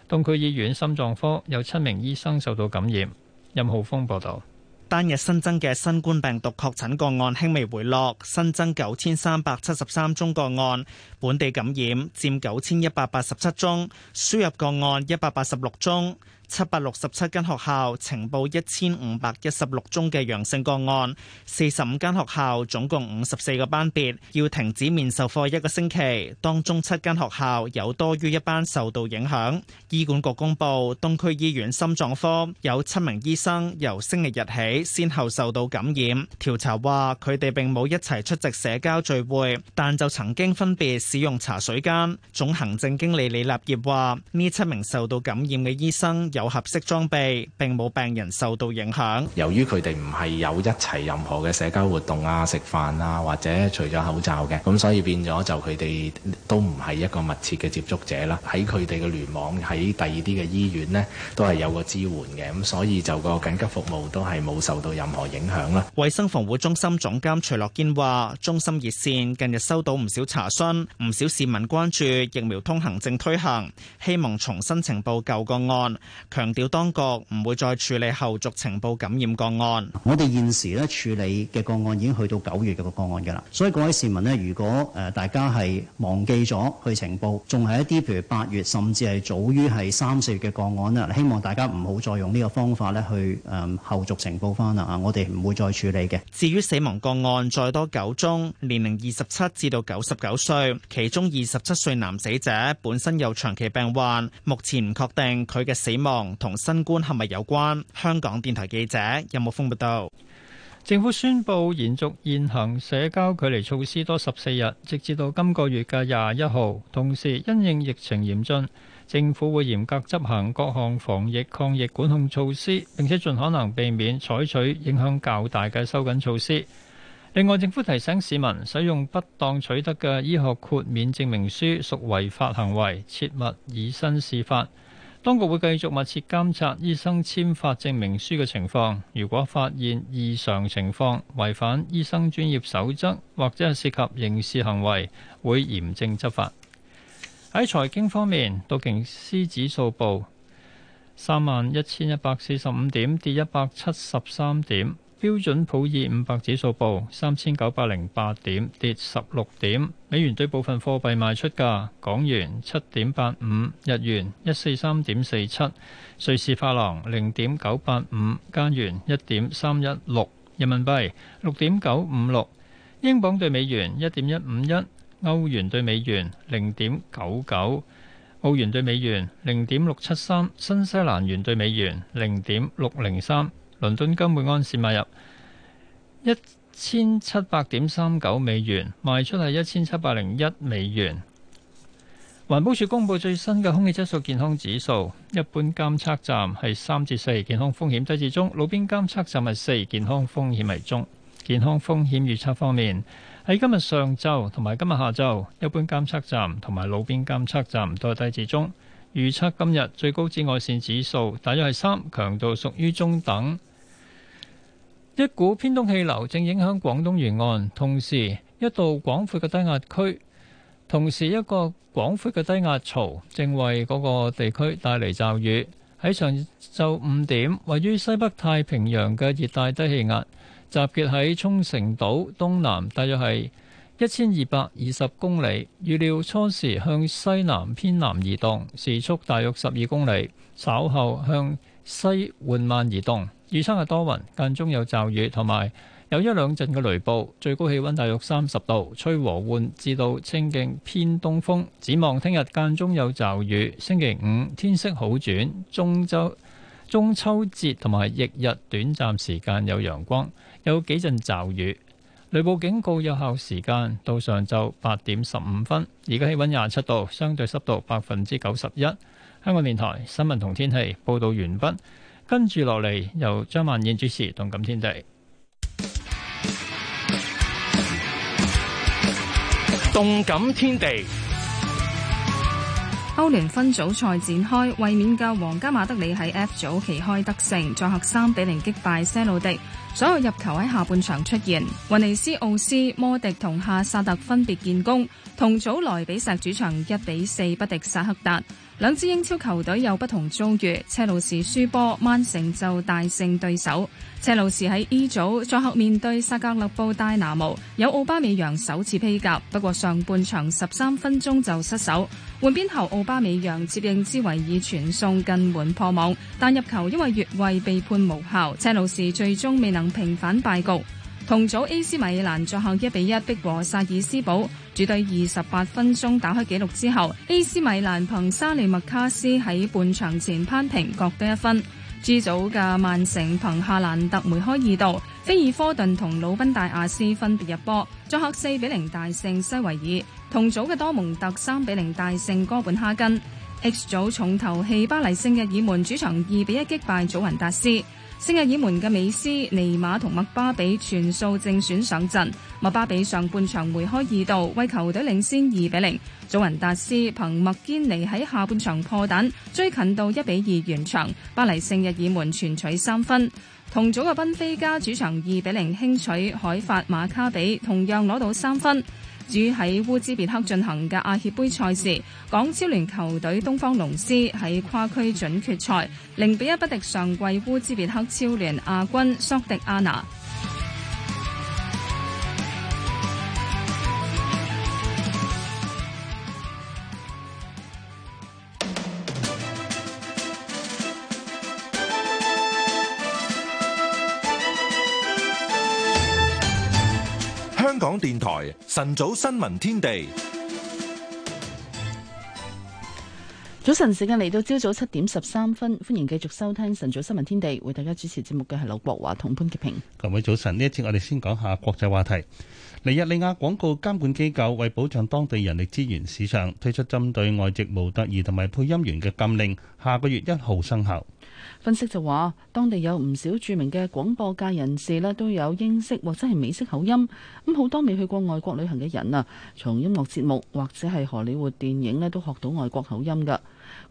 東區醫院心臟科有七名醫生受到感染。任浩峰報道。單日新增嘅新冠病毒確診個案輕微回落，新增九千三百七十三宗個案，本地感染佔九千一百八十七宗，輸入個案一百八十六宗。七百六十七間學校呈報一千五百一十六宗嘅陽性個案，四十五間學校總共五十四個班別要停止面授課一個星期，當中七間學校有多於一班受到影響。醫管局公佈，東區醫院心臟科有七名醫生由星期日起先後受到感染。調查話佢哋並冇一齊出席社交聚會，但就曾經分別使用茶水間。總行政經理李立業話：呢七名受到感染嘅醫生有合適裝備，並冇病人受到影響。由於佢哋唔係有一齊任何嘅社交活動啊、食飯啊，或者除咗口罩嘅，咁所以變咗就佢哋都唔係一個密切嘅接觸者啦。喺佢哋嘅聯網喺第二啲嘅醫院呢，都係有個支援嘅，咁所以就個緊急服務都係冇受到任何影響啦。衞生防護中心總監徐樂堅話，中心熱線近日收到唔少查詢，唔少市民關注疫苗通行證推行，希望重新呈報舊個案。強調當局唔會再處理後續呈報感染個案。我哋現時咧處理嘅個案已經去到九月嘅個，個案噶啦，所以各位市民咧，如果誒大家係忘記咗去呈報，仲係一啲譬如八月甚至係早於係三四月嘅個案啦，希望大家唔好再用呢個方法咧去誒、嗯、後續呈報翻啊！我哋唔會再處理嘅。至於死亡個案再多九宗，年齡二十七至到九十九歲，其中二十七歲男死者本身有長期病患，目前唔確定佢嘅死亡。同新冠係咪有關？香港電台記者任木峰報道，政府宣布延續現行社交距離措施多十四日，直至到今個月嘅廿一號。同時，因應疫情嚴峻，政府會嚴格執行各項防疫抗疫管控措施，並且盡可能避免採取影響較大嘅收緊措施。另外，政府提醒市民使用不當取得嘅醫學豁免證明書屬違法行為，切勿以身試法。當局會繼續密切監察醫生簽發證明書嘅情況，如果發現異常情況、違反醫生專業守則或者係涉及刑事行為，會嚴正執法。喺財經方面，道瓊斯指數報三萬一千一百四十五點，跌一百七十三點。標準普爾五百指數報三千九百零八點，跌十六點。美元對部分貨幣賣出價：港元七點八五，85, 日元一四三點四七，47, 瑞士法郎零點九八五，85, 加元一點三一六，16, 人民幣六點九五六，6. 6, 英鎊對美元一點一五一，歐元對美元零點九九，99, 澳元對美元零點六七三，3, 新西蘭元對美元零點六零三。倫敦金每安士買入一千七百點三九美元，賣出係一千七百零一美元。環保署公布最新嘅空氣質素健康指數，一般監測站係三至四健康風險低至中，路邊監測站係四健康風險為中。健康風險預測方面，喺今日上晝同埋今日下晝，一般監測站同埋路邊監測站都係低至中預測。預測今日最高紫外線指數大約係三，強度屬於中等。一股偏東氣流正影響廣東沿岸，同時一道廣闊嘅低壓區，同時一個廣闊嘅低壓槽正為嗰個地區帶嚟驟雨。喺上晝五點，位於西北太平洋嘅熱帶低氣壓集結喺沖繩島東南，大約係一千二百二十公里，預料初時向西南偏南移動，時速大約十二公里，稍後向西緩慢移動。預測係多雲，間中有驟雨，同埋有，有一兩陣嘅雷暴，最高氣溫大約三十度，吹和緩至到清勁偏東風。展望聽日間中有驟雨，星期五天色好轉，中秋中秋節同埋翌日短暫時間有陽光，有幾陣驟雨，雷暴警告有效時間到上晝八點十五分。而家氣温廿七度，相對濕度百分之九十一。香港電台新聞同天氣報導完畢。跟住落嚟，由張曼燕主持《動感天地》。《動感天地》歐聯分組賽展開，衛冕嘅皇家馬德里喺 F 組旗開得勝，作客三比零擊敗西魯迪，所有入球喺下半場出現。雲尼斯奧斯、摩迪同夏薩特分別建功，同組萊比錫主場一比四不敵薩克達。兩支英超球隊有不同遭遇，車路士輸波，曼城就大勝對手。車路士喺 E 組作客面對薩格勒布戴拿姆，有奧巴美揚首次披甲，不過上半場十三分鐘就失手。換邊後奧巴美揚接應之維爾傳送近門破網，但入球因為越位被判無效，車路士最終未能平反敗局。同組 A.C. 米蘭作客一比一逼和薩爾斯堡，主隊二十八分鐘打開紀錄之後，A.C. 米蘭憑沙利麥卡斯喺半場前扳平，各得一分。G 組嘅曼城憑夏蘭特梅開二度，菲爾科頓同魯賓大亞斯分別入波，作客四比零大勝西維爾。同組嘅多蒙特三比零大勝哥本哈根。H 組重頭戲巴黎聖日耳門主場二比一擊敗祖雲達斯。聖日耳門嘅美斯、尼馬同麥巴比全數正選上陣，麥巴比上半場梅開二度，為球隊領先二比零。祖雲達斯憑麥堅尼喺下半場破蛋，追近到一比二完場。巴黎聖日耳門全取三分。同組嘅賓菲加主場二比零輕取海法馬卡比，同樣攞到三分。主喺烏茲別克進行嘅亞協杯賽事，港超聯球隊東方龍獅喺跨區準決賽，零比一不敵上季烏茲別克超聯亞，亞軍索迪亞娜。港電台晨早新聞天地，早晨時間嚟到，朝早七點十三分，歡迎繼續收聽晨早新聞天地。為大家主持節目嘅係劉國華同潘潔平。各位早晨，呢一節我哋先講下國際話題。尼日利亞廣告監管機構為保障當地人力資源市場，推出針對外籍模特兒同埋配音員嘅禁令，下個月一號生效。分析就話，當地有唔少著名嘅廣播界人士咧，都有英式或者係美式口音。咁好多未去過外國旅行嘅人啊，從音樂節目或者係荷里活電影咧，都學到外國口音㗎。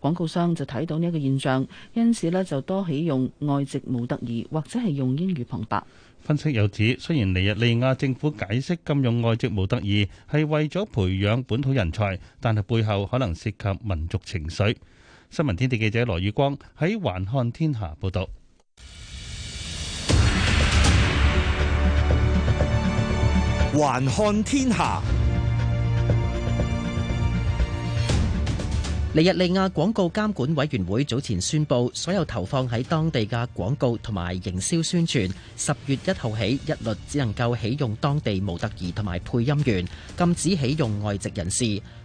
廣告商就睇到呢一個現象，因此呢就多起用外籍模特兒或者係用英語旁白。分析又指，雖然尼日利亞政府解釋禁用外籍模特兒係為咗培養本土人才，但係背後可能涉及民族情緒。新聞天地記者羅宇光喺環看天下報道。環看天下，尼日利亞廣告監管委員會早前宣佈，所有投放喺當地嘅廣告同埋營銷宣傳，十月一號起一律只能夠起用當地模特兒同埋配音員，禁止起用外籍人士。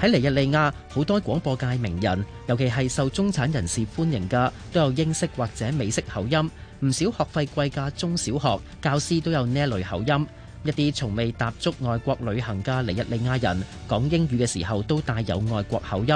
喺尼日利亞，好多廣播界名人，尤其係受中產人士歡迎嘅，都有英式或者美式口音。唔少學費貴價中小學教師都有呢一類口音。一啲從未踏足外國旅行嘅尼日利亞人講英語嘅時候，都帶有外國口音。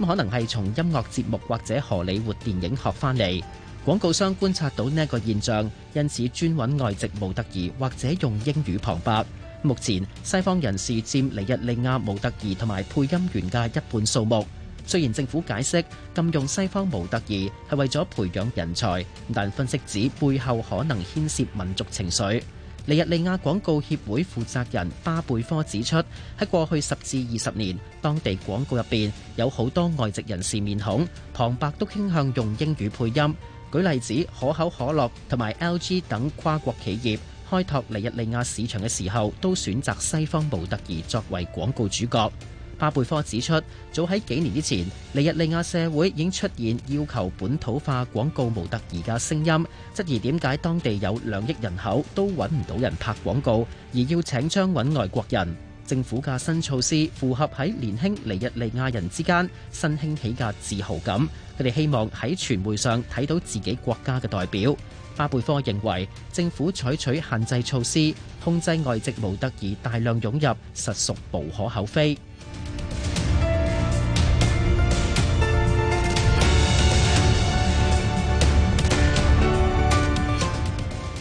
咁可能係從音樂節目或者荷里活電影學翻嚟。廣告商觀察到呢一個現象，因此專揾外籍模特兒或者用英語旁白。目前西方人士佔尼日利亞模特兒同埋配音員嘅一半數目。雖然政府解釋禁用西方模特兒係為咗培養人才，但分析指背後可能牽涉民族情緒。尼日利亞廣告協會負責人巴貝科指出，喺過去十至二十年，當地廣告入邊有好多外籍人士面孔，旁白都傾向用英語配音。舉例子，可口可樂同埋 LG 等跨國企業。開拓尼日利亞市場嘅時候，都選擇西方模特兒作為廣告主角。巴貝科指出，早喺幾年之前，尼日利亞社會已經出現要求本土化廣告模特兒嘅聲音，質疑點解當地有兩億人口都揾唔到人拍廣告，而要請將揾外國人。政府嘅新措施符合喺年輕尼日利亞人之間新興起嘅自豪感，佢哋希望喺傳媒上睇到自己國家嘅代表。巴貝科認為，政府採取限制措施，控制外籍勞得以大量湧入，實屬無可厚非。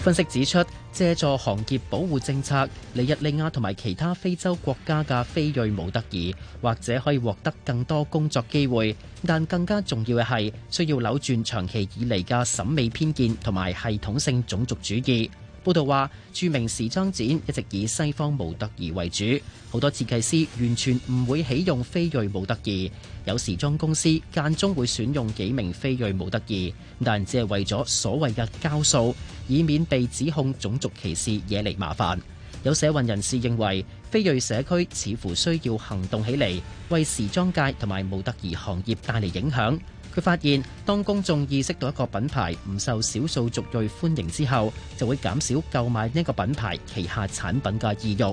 分析指出，借助行業保護政策，尼日利亞同埋其他非洲國家嘅非裔模特兒，或者可以獲得更多工作機會，但更加重要嘅係需要扭轉長期以嚟嘅審美偏見同埋系統性種族主義。報道話，著名時裝展一直以西方模特兒為主，好多設計師完全唔會起用非裔模特兒。有時裝公司間中會選用幾名非裔模特兒，但只係為咗所謂嘅交數，以免被指控種族歧視惹嚟麻煩。有社運人士認為，非裔社區似乎需要行動起嚟，為時裝界同埋模特兒行業帶嚟影響。佢發現，當公眾意識到一個品牌唔受少數族裔歡迎之後，就會減少購買呢個品牌旗下產品嘅意欲。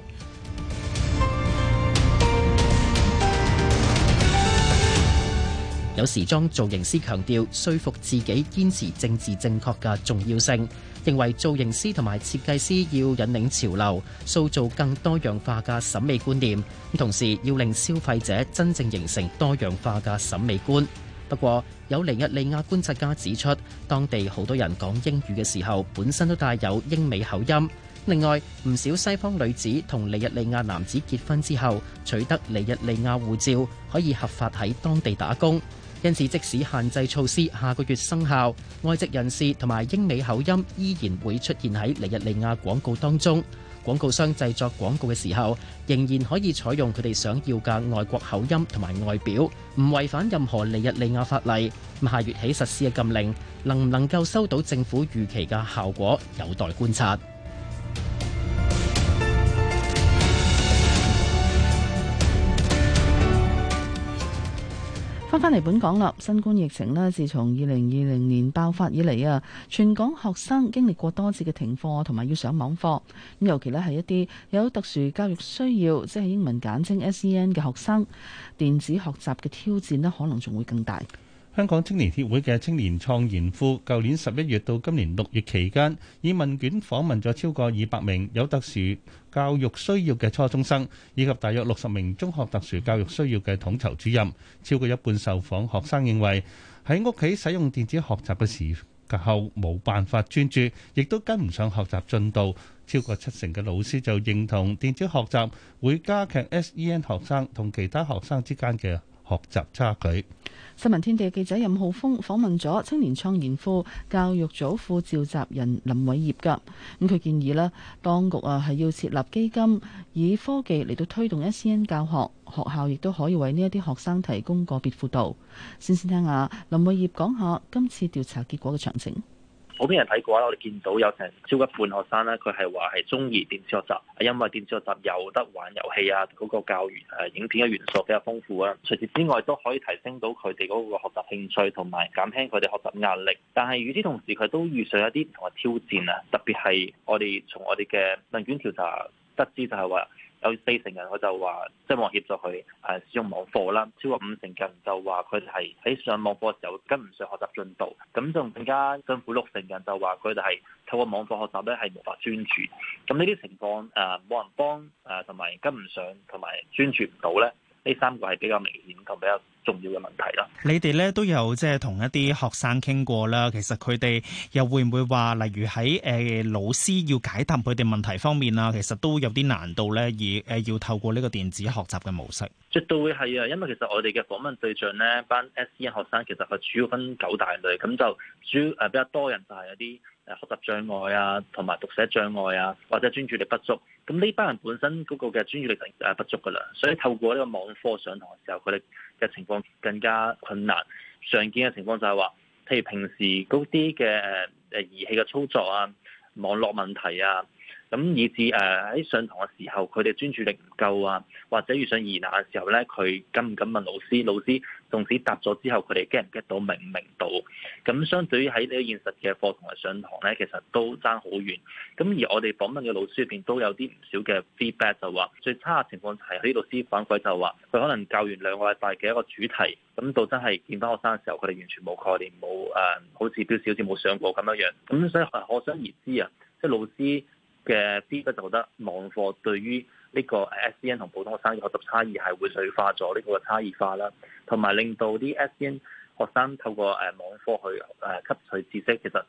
有時裝造型師強調，說服自己堅持政治正確嘅重要性，認為造型師同埋設計師要引領潮流，塑造更多樣化嘅審美觀念，同時要令消費者真正形成多樣化嘅審美觀。不過，有尼日利亞觀察家指出，當地好多人講英語嘅時候，本身都帶有英美口音。另外，唔少西方女子同尼日利亞男子結婚之後，取得尼日利亞護照，可以合法喺當地打工。因此，即使限制措施下個月生效，外籍人士同埋英美口音依然會出現喺尼日利亞廣告當中。廣告商製作廣告嘅時候，仍然可以採用佢哋想要嘅外國口音同埋外表，唔違反任何尼日利亞法例。下月起實施嘅禁令，能唔能夠收到政府預期嘅效果，有待觀察。翻返嚟本港啦，新冠疫情呢，自從二零二零年爆發以嚟啊，全港學生經歷過多次嘅停課同埋要上網課，咁尤其呢，係一啲有特殊教育需要，即係英文簡稱 SEN 嘅學生，電子學習嘅挑戰呢，可能仲會更大。香港青年協會嘅青年創研庫舊年十一月到今年六月期間以問卷訪問咗超過二百名有特殊教育需要嘅初中生以及大約六十名中學特殊教育需要嘅統籌主任，超過一半受訪學生認為喺屋企使用電子學習嘅時候冇辦法專注，亦都跟唔上學習進度。超過七成嘅老師就認同電子學習會加強 SEN 學生同其他學生之間嘅學習差距。新聞天地記者任浩峰訪問咗青年創研庫教育組副召集人林偉業噶，咁佢建議啦，當局啊係要設立基金，以科技嚟到推動 SEN 教學，學校亦都可以為呢一啲學生提供個別輔導。先先聽下林偉業講下今次調查結果嘅詳情。好多人睇過嘅話，我哋見到有成超過一半學生咧，佢係話係中意電子學習，因為電子學習有得玩遊戲啊，嗰、嗰個教員誒影片嘅元素比較豐富啊。除此之外，都可以提升到佢哋嗰個學習興趣同埋減輕佢哋學習壓力。但係與此同時，佢都遇上一啲唔同嘅挑戰啊。特別係我哋從我哋嘅問卷調查得知就，就係話。有四成人佢就話即係冇人協助佢誒使用網課啦，超過五成人就話佢哋係喺上網課嘅時候跟唔上學習進度，咁仲更加辛苦，六成人就話佢哋係透過網課學習咧係無法專注，咁呢啲情況誒冇人幫，誒同埋跟唔上同埋專注唔到咧。呢三個係比較明顯同比較重要嘅問題啦。你哋咧都有即係同一啲學生傾過啦。其實佢哋又會唔會話，例如喺誒、呃、老師要解答佢哋問題方面啊，其實都有啲難度咧，而誒、呃、要透過呢個電子學習嘅模式，絕對會係啊。因為其實我哋嘅訪問對象咧，班 S 一學生其實係主要分九大類，咁就主要誒、呃、比較多人就係有啲。學習障礙啊，同埋讀寫障礙啊，或者專注力不足，咁呢班人本身嗰個嘅專注力係不足㗎喇，所以透過呢個網課上堂嘅時候，佢哋嘅情況更加困難。常見嘅情況就係話，譬如平時嗰啲嘅誒儀器嘅操作啊、網絡問題啊，咁以至誒喺上堂嘅時候，佢哋專注力唔夠啊，或者遇上疑難嘅時候咧，佢敢唔敢問老師？老師？縱使答咗之後，佢哋 get 唔 get 到明唔明到？咁相對於喺呢個現實嘅課同埋上堂咧，其實都爭好遠。咁而我哋訪問嘅老師入邊都有啲唔少嘅 feedback，就話最差嘅情況係喺老師反饋就話，佢可能教完兩個禮拜嘅一個主題，咁到真係見翻學生嘅時候，佢哋完全冇概念，冇誒、呃，好似表示好似冇上過咁樣樣。咁所以可想而知啊，即係老師嘅 feedback 就覺得網課對於。呢個誒 SEN 同普通學生嘅學習差異係會水化咗呢、這個嘅差異化啦，同埋令到啲 SEN 學生透過誒網課去誒吸取知識，其實。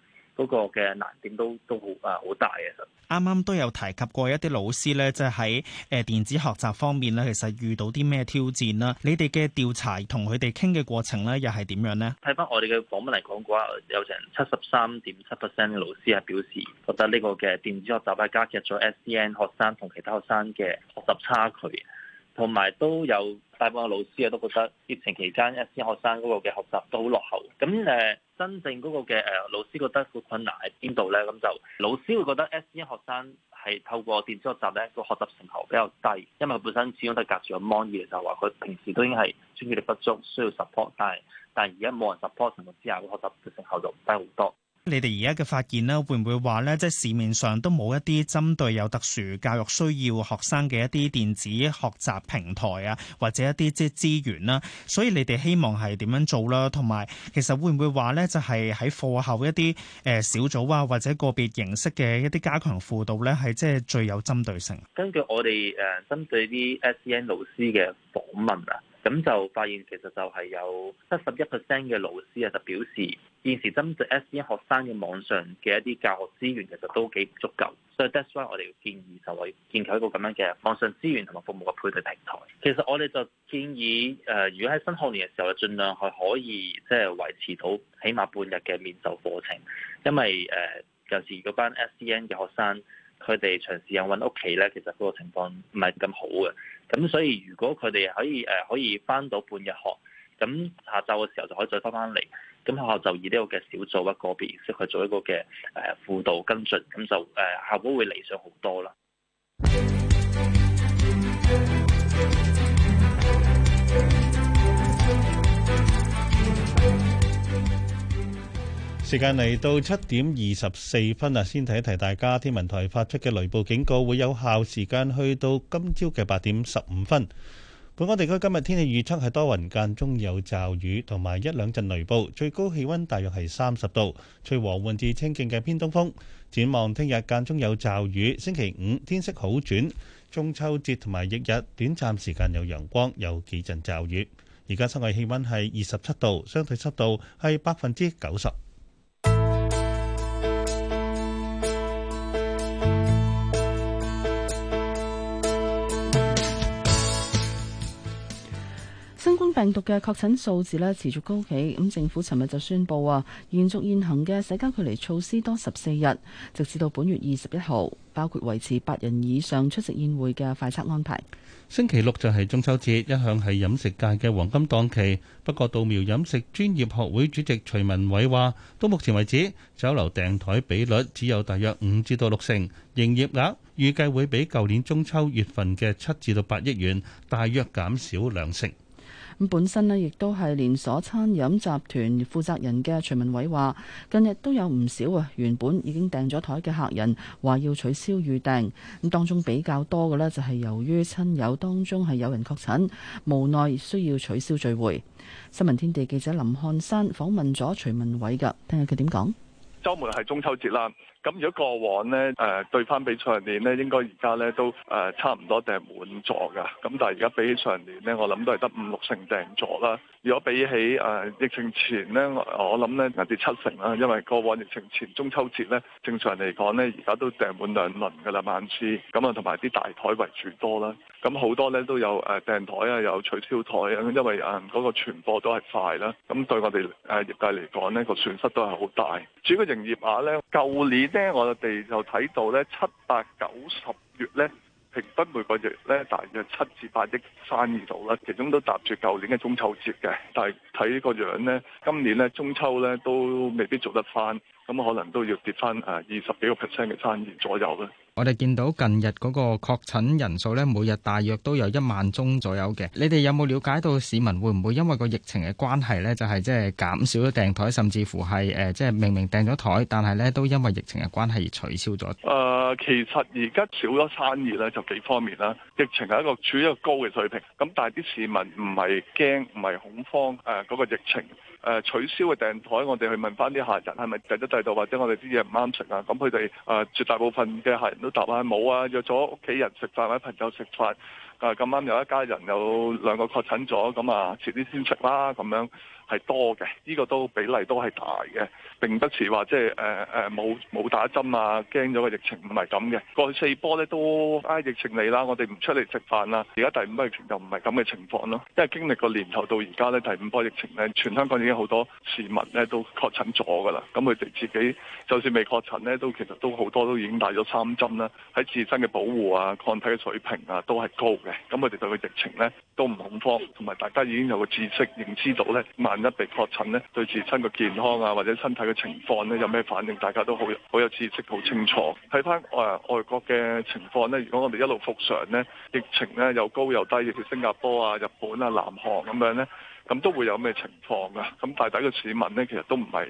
嗰個嘅難點都都好誒好大嘅，其實啱啱都有提及過一啲老師咧，即係喺誒電子學習方面咧，其實遇到啲咩挑戰啦？你哋嘅調查同佢哋傾嘅過程咧，又係點樣咧？睇翻我哋嘅訪問嚟講嘅話，有成七十三點七 percent 嘅老師係表示覺得呢個嘅電子學習係加劇咗 SEN 學生同其他學生嘅學習差距。同埋都有大部分嘅老師啊，都覺得疫情期間 S1 學生嗰個嘅學習都好落後。咁誒，真正嗰個嘅誒老師覺得個困難喺邊度咧？咁就老師會覺得 S1 學生係透過電子學習咧，個學習成效比較低，因為佢本身始終都係隔住個 mon，就話佢平時都已經係專注力不足，需要 support。但係但係而家冇人 support 情況之下，個學習嘅成效就低好多。你哋而家嘅發現呢，會唔會話呢即係市面上都冇一啲針對有特殊教育需要學生嘅一啲電子學習平台啊，或者一啲即係資源啦、啊？所以你哋希望係點樣做啦？同埋，其實會唔會話呢就係、是、喺課後一啲誒、呃、小組啊，或者個別形式嘅一啲加強輔導呢，係即係最有針對性？根據我哋誒針對啲 SEN 老師嘅訪問啊。咁就發現其實就係有七十一 percent 嘅老師啊，就表示現時針對 SEN 學生嘅網上嘅一啲教學資源其實都幾足夠，所以 that's why 我哋建議就係建立一個咁樣嘅網上資源同埋服務嘅配對平台。其實我哋就建議誒，如果喺新學年嘅時候，就儘量係可以即係維持到起碼半日嘅面授課程，因為誒有時嗰班 SEN 嘅學生。佢哋長時間揾屋企咧，其實嗰個情況唔係咁好嘅。咁所以如果佢哋可以誒可以返到半日學，咁下晝嘅時候就可以再返返嚟。咁學校就以呢個嘅小組或個別形式去做一個嘅誒輔導跟進，咁就誒效果會理想好多啦。時間嚟到七點二十四分啊！先提一提大家，天文台發出嘅雷暴警告會有效時間去到今朝嘅八點十五分。本港地區今日天，天氣預測係多雲間，間中有驟雨同埋一兩陣雷暴，最高氣温大約係三十度，吹和緩至清勁嘅偏東風。展望聽日間中有驟雨，星期五天色好轉，中秋節同埋翌日短暫時間有陽光，有幾陣驟雨。而家室外氣温係二十七度，相對濕度係百分之九十。病毒嘅確診數字呢，持續高企，咁政府尋日就宣布啊，延續現行嘅社交距離措施多十四日，直至到本月二十一號，包括維持八人以上出席宴會嘅快測安排。星期六就係中秋節，一向係飲食界嘅黃金檔期。不過，稻苗飲食專業學會主席徐文偉話，到目前爲止，酒樓訂台比率只有大約五至到六成，營業額預計會比舊年中秋月份嘅七至到八億元，大約減少兩成。本身呢亦都係連鎖餐飲集團負責人嘅徐文偉話，近日都有唔少啊，原本已經訂咗台嘅客人話要取消預訂，咁當中比較多嘅咧，就係由於親友當中係有人確診，無奈需要取消聚會。新聞天地記者林漢山訪問咗徐文偉噶，聽下佢點講。周末係中秋節啦。咁如果過往咧，誒、呃、對翻比上年咧，應該而家咧都誒、呃、差唔多訂滿座噶。咁但係而家比起上年咧，我諗都係得五六成訂座啦。如果比起誒、呃、疫情前咧，我我諗咧係跌七成啦。因為過往疫情前中秋節咧，正常嚟講咧，而家都訂滿兩輪噶啦，晚市咁啊，同埋啲大台為主多啦。咁好多咧都有誒、呃、訂台啊，有取消台啊，因為誒嗰、呃嗰個傳播都係快啦。咁對我哋誒、呃、業界嚟講咧，個損失都係好大。主要個營業額咧，舊年咧我哋就睇到咧七八九十月咧，平均每個月咧大約七至八億生意度啦，其中都搭住舊年嘅中秋節嘅，但係睇個樣咧，今年咧中秋咧都未必做得翻，咁可能都要跌翻誒二十幾個 percent 嘅生意左右啦。我哋見到近日嗰個確診人數咧，每日大約都有一萬宗左右嘅。你哋有冇了解到市民會唔會因為個疫情嘅關係咧，就係即係減少咗訂台，甚至乎係誒即係明明訂咗台，但係咧都因為疫情嘅關係而取消咗？誒、呃，其實而家少咗生意咧，就幾方面啦。疫情係一個處於一個高嘅水平，咁但係啲市民唔係驚，唔係恐慌誒嗰、呃嗰個疫情誒、呃、取消嘅訂台。我哋去問翻啲客人，係咪訂得到，或者我哋啲嘢唔啱食啊？咁佢哋誒絕大部分嘅客人都。答啊冇啊，約咗屋企人食飯，或者朋友食飯。啊，咁啱有一家人有兩個確診咗，咁啊，遲啲先食啦，咁樣。係多嘅，呢個都比例都係大嘅，並不係話即係誒誒冇冇打針啊，驚咗個疫情唔係咁嘅。過去四波咧都啊疫情嚟啦，我哋唔出嚟食飯啦。而家第五波疫情就唔係咁嘅情況咯，因為經歷個年頭到而家咧，第五波疫情咧，全香港已經好多市民咧都確診咗㗎啦。咁佢哋自己就算未確診咧，都其實都好多都已經打咗三針啦，喺自身嘅保護啊、抗體嘅水平啊都係高嘅。咁佢哋對個疫情咧都唔恐慌，同埋大家已經有個知識認知到咧一被確診咧，對自身嘅健康啊，或者身體嘅情況咧，有咩反應，大家都好好有知識、好清楚。睇翻誒外國嘅情況咧，如果我哋一路復常咧，疫情咧又高又低，尤其新加坡啊、日本啊、南韓咁樣咧，咁都會有咩情況噶，啊？咁大抵嘅市民咧，其實都唔係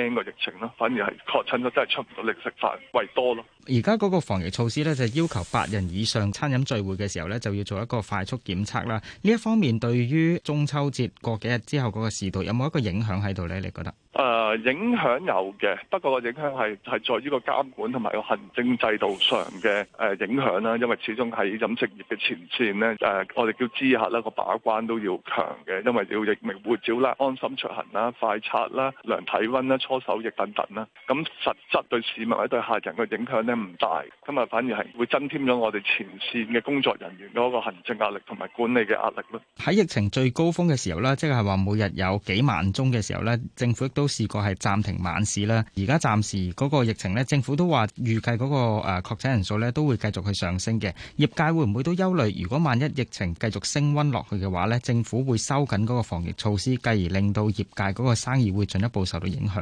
驚個疫情咯，反而係確診咗真係出唔到力食飯為多咯。而家嗰個防疫措施呢，就是，要求八人以上餐飲聚會嘅時候呢，就要做一個快速檢測啦。呢一方面對於中秋節過幾日之後嗰個市道，有冇一個影響喺度呢？你覺得？誒，影響有嘅，不過個影響係係在呢個監管同埋個行政制度上嘅誒影響啦。因為始終喺飲食業嘅前線呢，誒、呃、我哋叫知客啦，個把關都要強嘅，因為要疫明護照啦、安心出行啦、快測啦、量體溫啦。搓手液等等啦，咁實質對市民或者對客人嘅影響咧唔大，咁啊反而係會增添咗我哋前線嘅工作人員嗰個行政壓力同埋管理嘅壓力咯。喺疫情最高峰嘅時候咧，即係話每日有幾萬宗嘅時候咧，政府亦都試過係暫停晚市啦。而家暫時嗰個疫情咧，政府都話預計嗰個誒確診人數咧都會繼續去上升嘅。業界會唔會都憂慮？如果萬一疫情繼續升溫落去嘅話咧，政府會收緊嗰個防疫措施，繼而令到業界嗰個生意會進一步受到影響。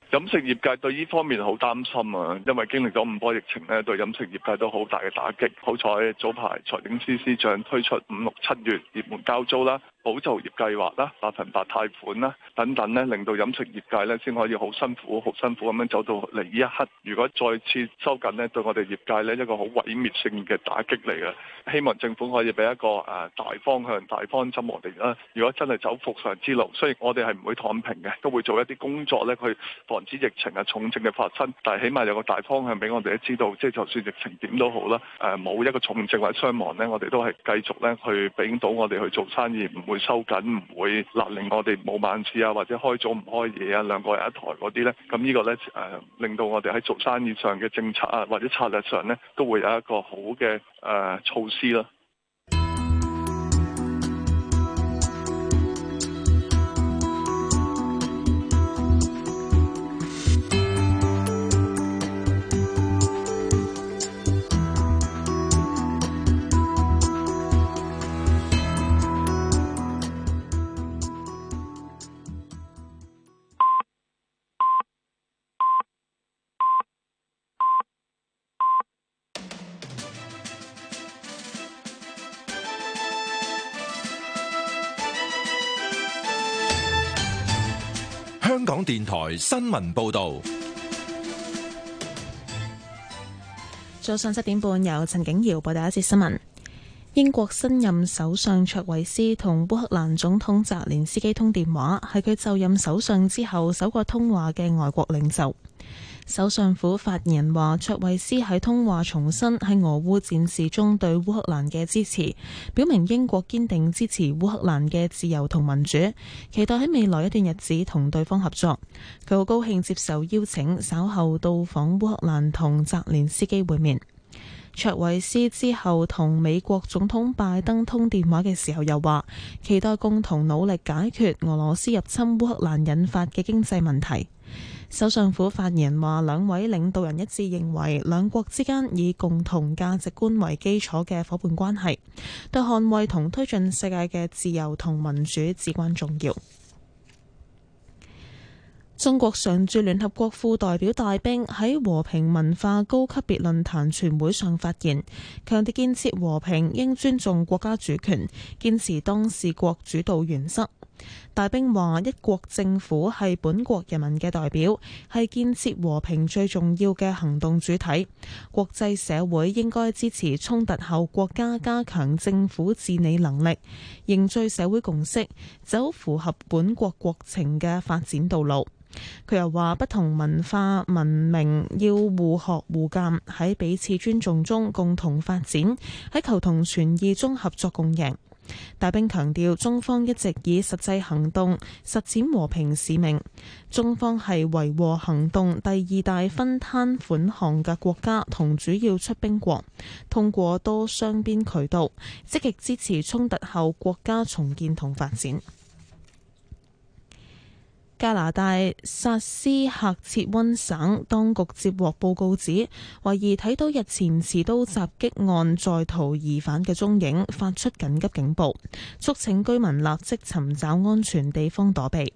飲食業界對呢方面好擔心啊，因為經歷咗五波疫情咧，對飲食業界都好大嘅打擊。好彩早排財政司司長推出五六七月業門交租啦、保就業計劃啦、百分百貸款啦等等咧，令到飲食業界咧先可以好辛苦、好辛苦咁樣走到嚟呢一刻。如果再次收緊呢，對我哋業界呢一個好毀滅性嘅打擊嚟嘅。希望政府可以俾一個誒大方向、大方針我哋啦。如果真係走復常之路，雖然我哋係唔會躺平嘅，都會做一啲工作咧去防唔知疫情啊，重症嘅發生，但係起碼有個大方向俾我哋都知道，即係就算疫情點都好啦，誒冇一個重症或者傷亡咧，我哋都係繼續咧去俾到我哋去做生意，唔會收緊，唔會勒令我哋冇晚市啊，或者開咗唔開嘢啊，兩個人一台嗰啲咧，咁呢個咧誒令到我哋喺做生意上嘅政策啊或者策略上咧，都會有一個好嘅誒措施啦。電台新聞報道：早上七點半，由陳景瑤報第一節新聞。英國新任首相卓維斯同烏克蘭總統澤連斯基通電話，係佢就任首相之後首個通話嘅外國領袖。首相府發言人話，卓維斯喺通話重申喺俄烏戰事中對烏克蘭嘅支持，表明英國堅定支持烏克蘭嘅自由同民主，期待喺未來一段日子同對方合作。佢好高興接受邀請，稍後到訪烏克蘭同澤連斯基會面。卓維斯之後同美國總統拜登通電話嘅時候又，又話期待共同努力解決俄羅斯入侵烏克蘭引發嘅經濟問題。首相府發言人話：兩位領導人一致認為，兩國之間以共同價值觀為基礎嘅伙伴關係，對捍衛同推進世界嘅自由同民主至關重要。中國常駐聯合國副代表大兵喺和平文化高級別論壇全會上發言，強調建設和平應尊重國家主權，堅持當事國主導原則。大兵話：一國政府係本國人民嘅代表，係建設和平最重要嘅行動主體。國際社會應該支持衝突後國家加強政府治理能力，凝聚社會共識，走符合本國國情嘅發展道路。佢又話：不同文化文明要互學互鑒，喺彼此尊重中共同發展，喺求同存異中合作共贏。大兵強調，中方一直以實際行動實踐和平使命。中方係維和行動第二大分攤款項嘅國家同主要出兵國，通過多雙邊渠道積極支持衝突後國家重建同發展。加拿大薩斯喀徹溫省當局接獲報告指，懷疑睇到日前持刀襲擊案在逃疑犯嘅蹤影，發出緊急警報，促請居民立即尋找安全地方躲避。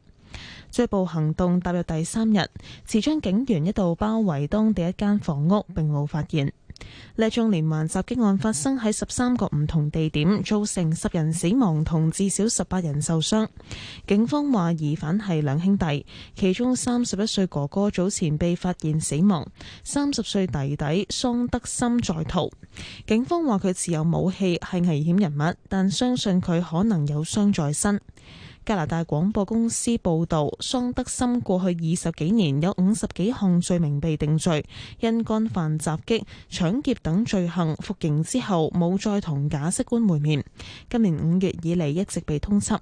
追捕行動踏入第三日，持槍警員一度包圍當地一間房屋，並冇發現。呢宗連環襲擊案發生喺十三個唔同地點，造成十人死亡同至少十八人受傷。警方話疑犯係兩兄弟，其中三十一歲哥哥早前被發現死亡，三十歲弟弟桑德森在逃。警方話佢持有武器係危險人物，但相信佢可能有傷在身。加拿大廣播公司報道，桑德森過去二十幾年有五十幾項罪名被定罪，因干犯襲擊、搶劫等罪行服刑之後，冇再同假釋官會面。今年五月以嚟一直被通緝。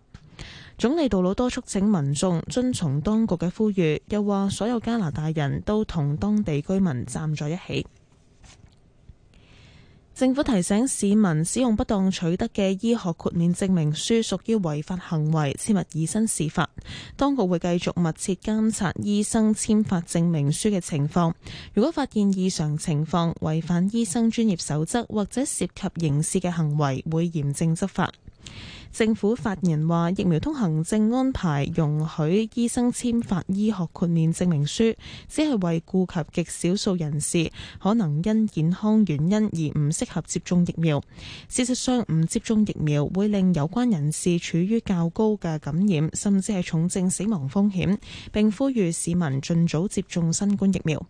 總理杜魯多促請民眾遵從當局嘅呼籲，又話所有加拿大人都同當地居民站在一起。政府提醒市民使用不當取得嘅醫學豁免證明書屬於違法行為，切勿以身試法。當局會繼續密切監察醫生簽發證明書嘅情況，如果發現異常情況，違反醫生專業守則或者涉及刑事嘅行為，會嚴正執法。政府發言話，疫苗通行證安排容許醫生簽發醫學豁免證明書，只係為顧及極少數人士可能因健康原因而唔適合接種疫苗。事實上，唔接種疫苗會令有關人士處於較高嘅感染，甚至係重症死亡風險，並呼籲市民盡早接種新冠疫苗。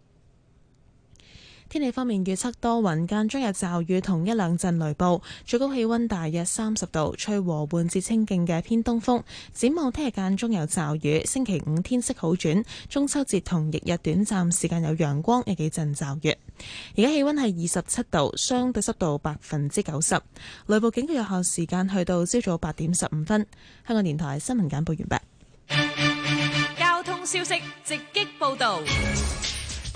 天氣方面預測，多雲間中有驟雨同一兩陣雷暴，最高氣溫大約三十度，吹和緩至清勁嘅偏東風。展望聽日間中有驟雨，星期五天色好轉，中秋節同翌日，日短暫時間有陽光，有幾陣驟雨。而家氣溫係二十七度，相對濕度百分之九十，雷暴警告有效時間去到朝早八點十五分。香港電台新聞簡報完畢。交通消息直擊報道。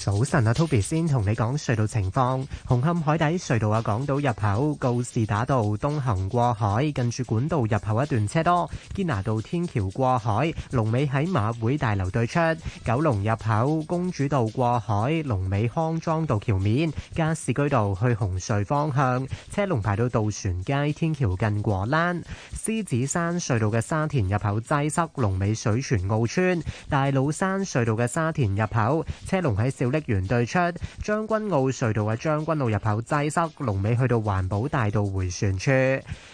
早晨啊，Toby 先同你講隧道情況。紅磡海底隧道啊，港島入口告士打道東行過海，近住管道入口一段車多。堅拿道天橋過海，龍尾喺馬會大樓對出。九龍入口公主道過海，龍尾康莊道橋面。加士居道去紅隧方向，車龍排到渡船街天橋近果欄。獅子山隧道嘅沙田入口擠塞，龍尾水泉澳村。大老山隧道嘅沙田入口，車龍喺小。職員對出，將軍澳隧道嘅將軍澳入口擠塞，龍尾去到環保大道回旋處。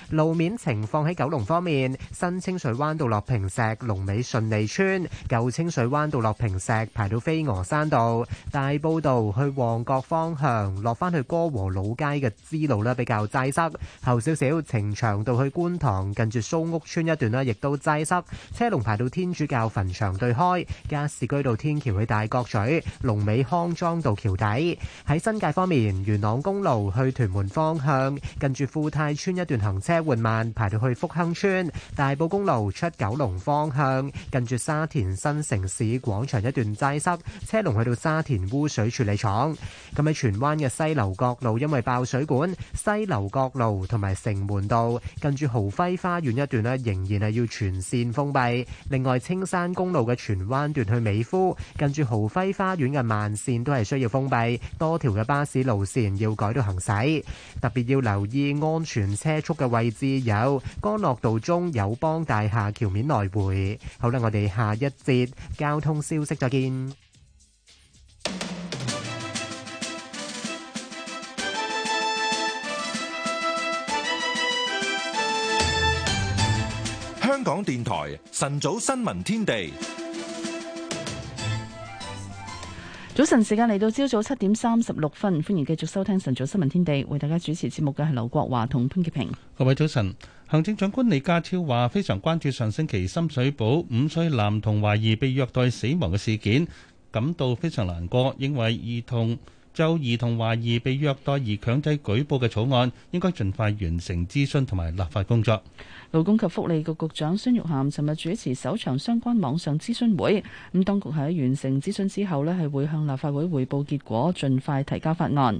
路面情況喺九龍方面，新清水灣道落坪石，龍尾順利村，舊清水灣道落坪石，排到飛鵝山道、大埔道去旺角方向，落翻去歌和老街嘅支路呢比較擠塞，後少少。呈祥道去觀塘近住蘇屋村一段呢亦都擠塞，車龍排到天主教墳場對開，加士居道天橋去大角咀，龍尾康莊道橋底，喺新界方面，元朗公路去屯門方向，近住富泰村一段行車緩慢，排到去福亨村；大埔公路出九龍方向，近住沙田新城市廣場一段擠塞，車龍去到沙田污水處理廠。咁喺荃灣嘅西樓角路，因為爆水管，西樓角路同埋城門道近住豪輝花園一段呢，仍然係要全線封閉。另外，青山公路嘅荃灣段去美孚，近住豪輝花園嘅慢線都係需要封閉，多條嘅巴士路線要改到行駛，特別要留意安全車速嘅位置有。有干諾道中友邦大廈橋面來回。好啦，我哋下一節交通消息再見。香港電台晨早新聞天地。早晨時間嚟到朝早七點三十六分，歡迎繼續收聽晨早新聞天地，為大家主持節目嘅係劉國華同潘潔平。各位早晨，行政長官李家超話非常關注上星期深水埗五歲男童懷疑被虐待死亡嘅事件，感到非常難過，認為兒童。就兒童懷疑被虐待而強制舉報嘅草案，應該盡快完成諮詢同埋立法工作。勞工及福利局局長孫玉菡尋日主持首場相關網上諮詢會。咁當局喺完成諮詢之後咧，係會向立法會匯報結果，盡快提交法案。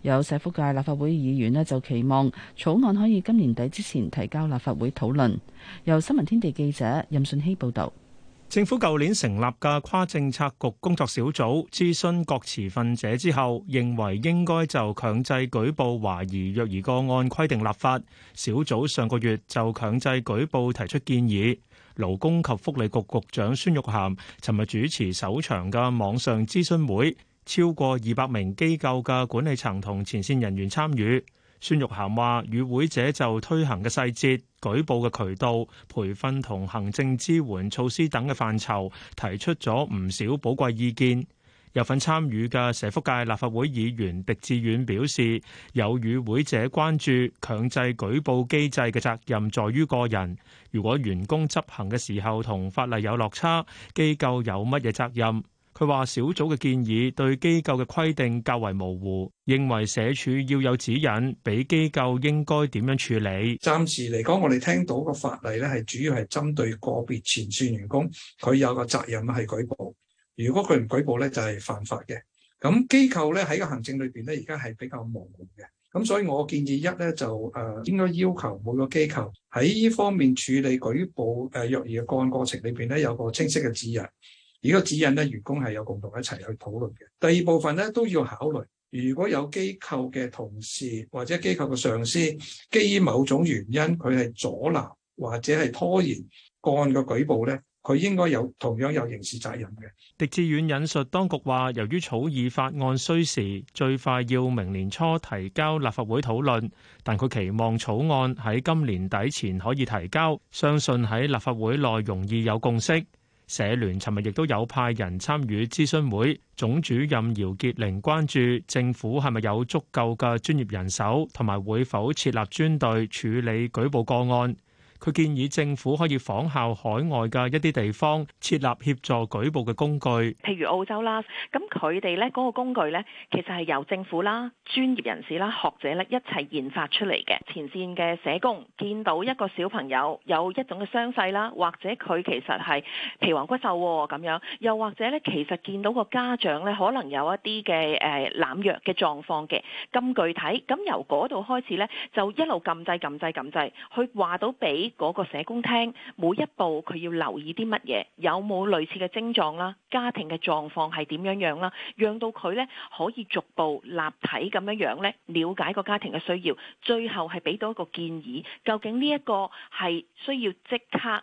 有社福界立法會議員咧就期望草案可以今年底之前提交立法會討論。由新聞天地記者任信希報導。政府舊年成立嘅跨政策局工作小組諮詢各持份者之後，認為應該就強制舉報懷疑虐兒個案規定立法。小組上個月就強制舉報提出建議。勞工及福利局局長孫玉菡尋日主持首場嘅網上諮詢會，超過二百名機構嘅管理層同前線人員參與。孫玉菡話，與會者就推行嘅細節、舉報嘅渠道、培訓同行政支援措施等嘅範疇，提出咗唔少寶貴意見。有份參與嘅社福界立法會議員狄志遠表示，有與會者關注強制舉報機制嘅責任在於個人，如果員工執行嘅時候同法例有落差，機構有乜嘢責任？佢話小組嘅建議對機構嘅規定較為模糊，認為社署要有指引，俾機構應該點樣處理。暫時嚟講，我哋聽到個法例咧，係主要係針對個別前線員工，佢有個責任係舉報。如果佢唔舉報咧，就係犯法嘅。咁機構咧喺個行政裏邊咧，而家係比較模糊嘅。咁所以我建議一咧就誒、呃，應該要求每個機構喺呢方面處理舉報誒，虐、呃、兒嘅個案過程裏邊咧，有個清晰嘅指引。而個指引咧，員工係有共同一齊去討論嘅。第二部分咧，都要考慮，如果有機構嘅同事或者機構嘅上司，基於某種原因，佢係阻撓或者係拖延個案嘅舉報咧，佢應該有同樣有刑事責任嘅。狄志遠引述當局話，由於草擬法案需時，最快要明年初提交立法會討論，但佢期望草案喺今年底前可以提交，相信喺立法會內容易有共識。社聯尋日亦都有派人參與諮詢會，總主任姚潔玲關注政府係咪有足夠嘅專業人手，同埋會否設立專隊處理舉報個案。佢建議政府可以仿效海外嘅一啲地方，設立協助舉報嘅工具，譬如澳洲啦。咁佢哋呢嗰個工具呢，其實係由政府啦、專業人士啦、學者呢一齊研發出嚟嘅。前線嘅社工見到一個小朋友有一種嘅傷勢啦，或者佢其實係皮黃骨瘦咁樣，又或者呢其實見到個家長呢可能有一啲嘅誒濫藥嘅狀況嘅咁具體。咁由嗰度開始呢，就一路撳掣撳掣撳掣，去話到俾。嗰個社工廳，每一步佢要留意啲乜嘢，有冇類似嘅症狀啦，家庭嘅狀況係點樣樣啦，讓到佢呢可以逐步立體咁樣樣呢，了解個家庭嘅需要，最後係俾到一個建議，究竟呢一個係需要即刻。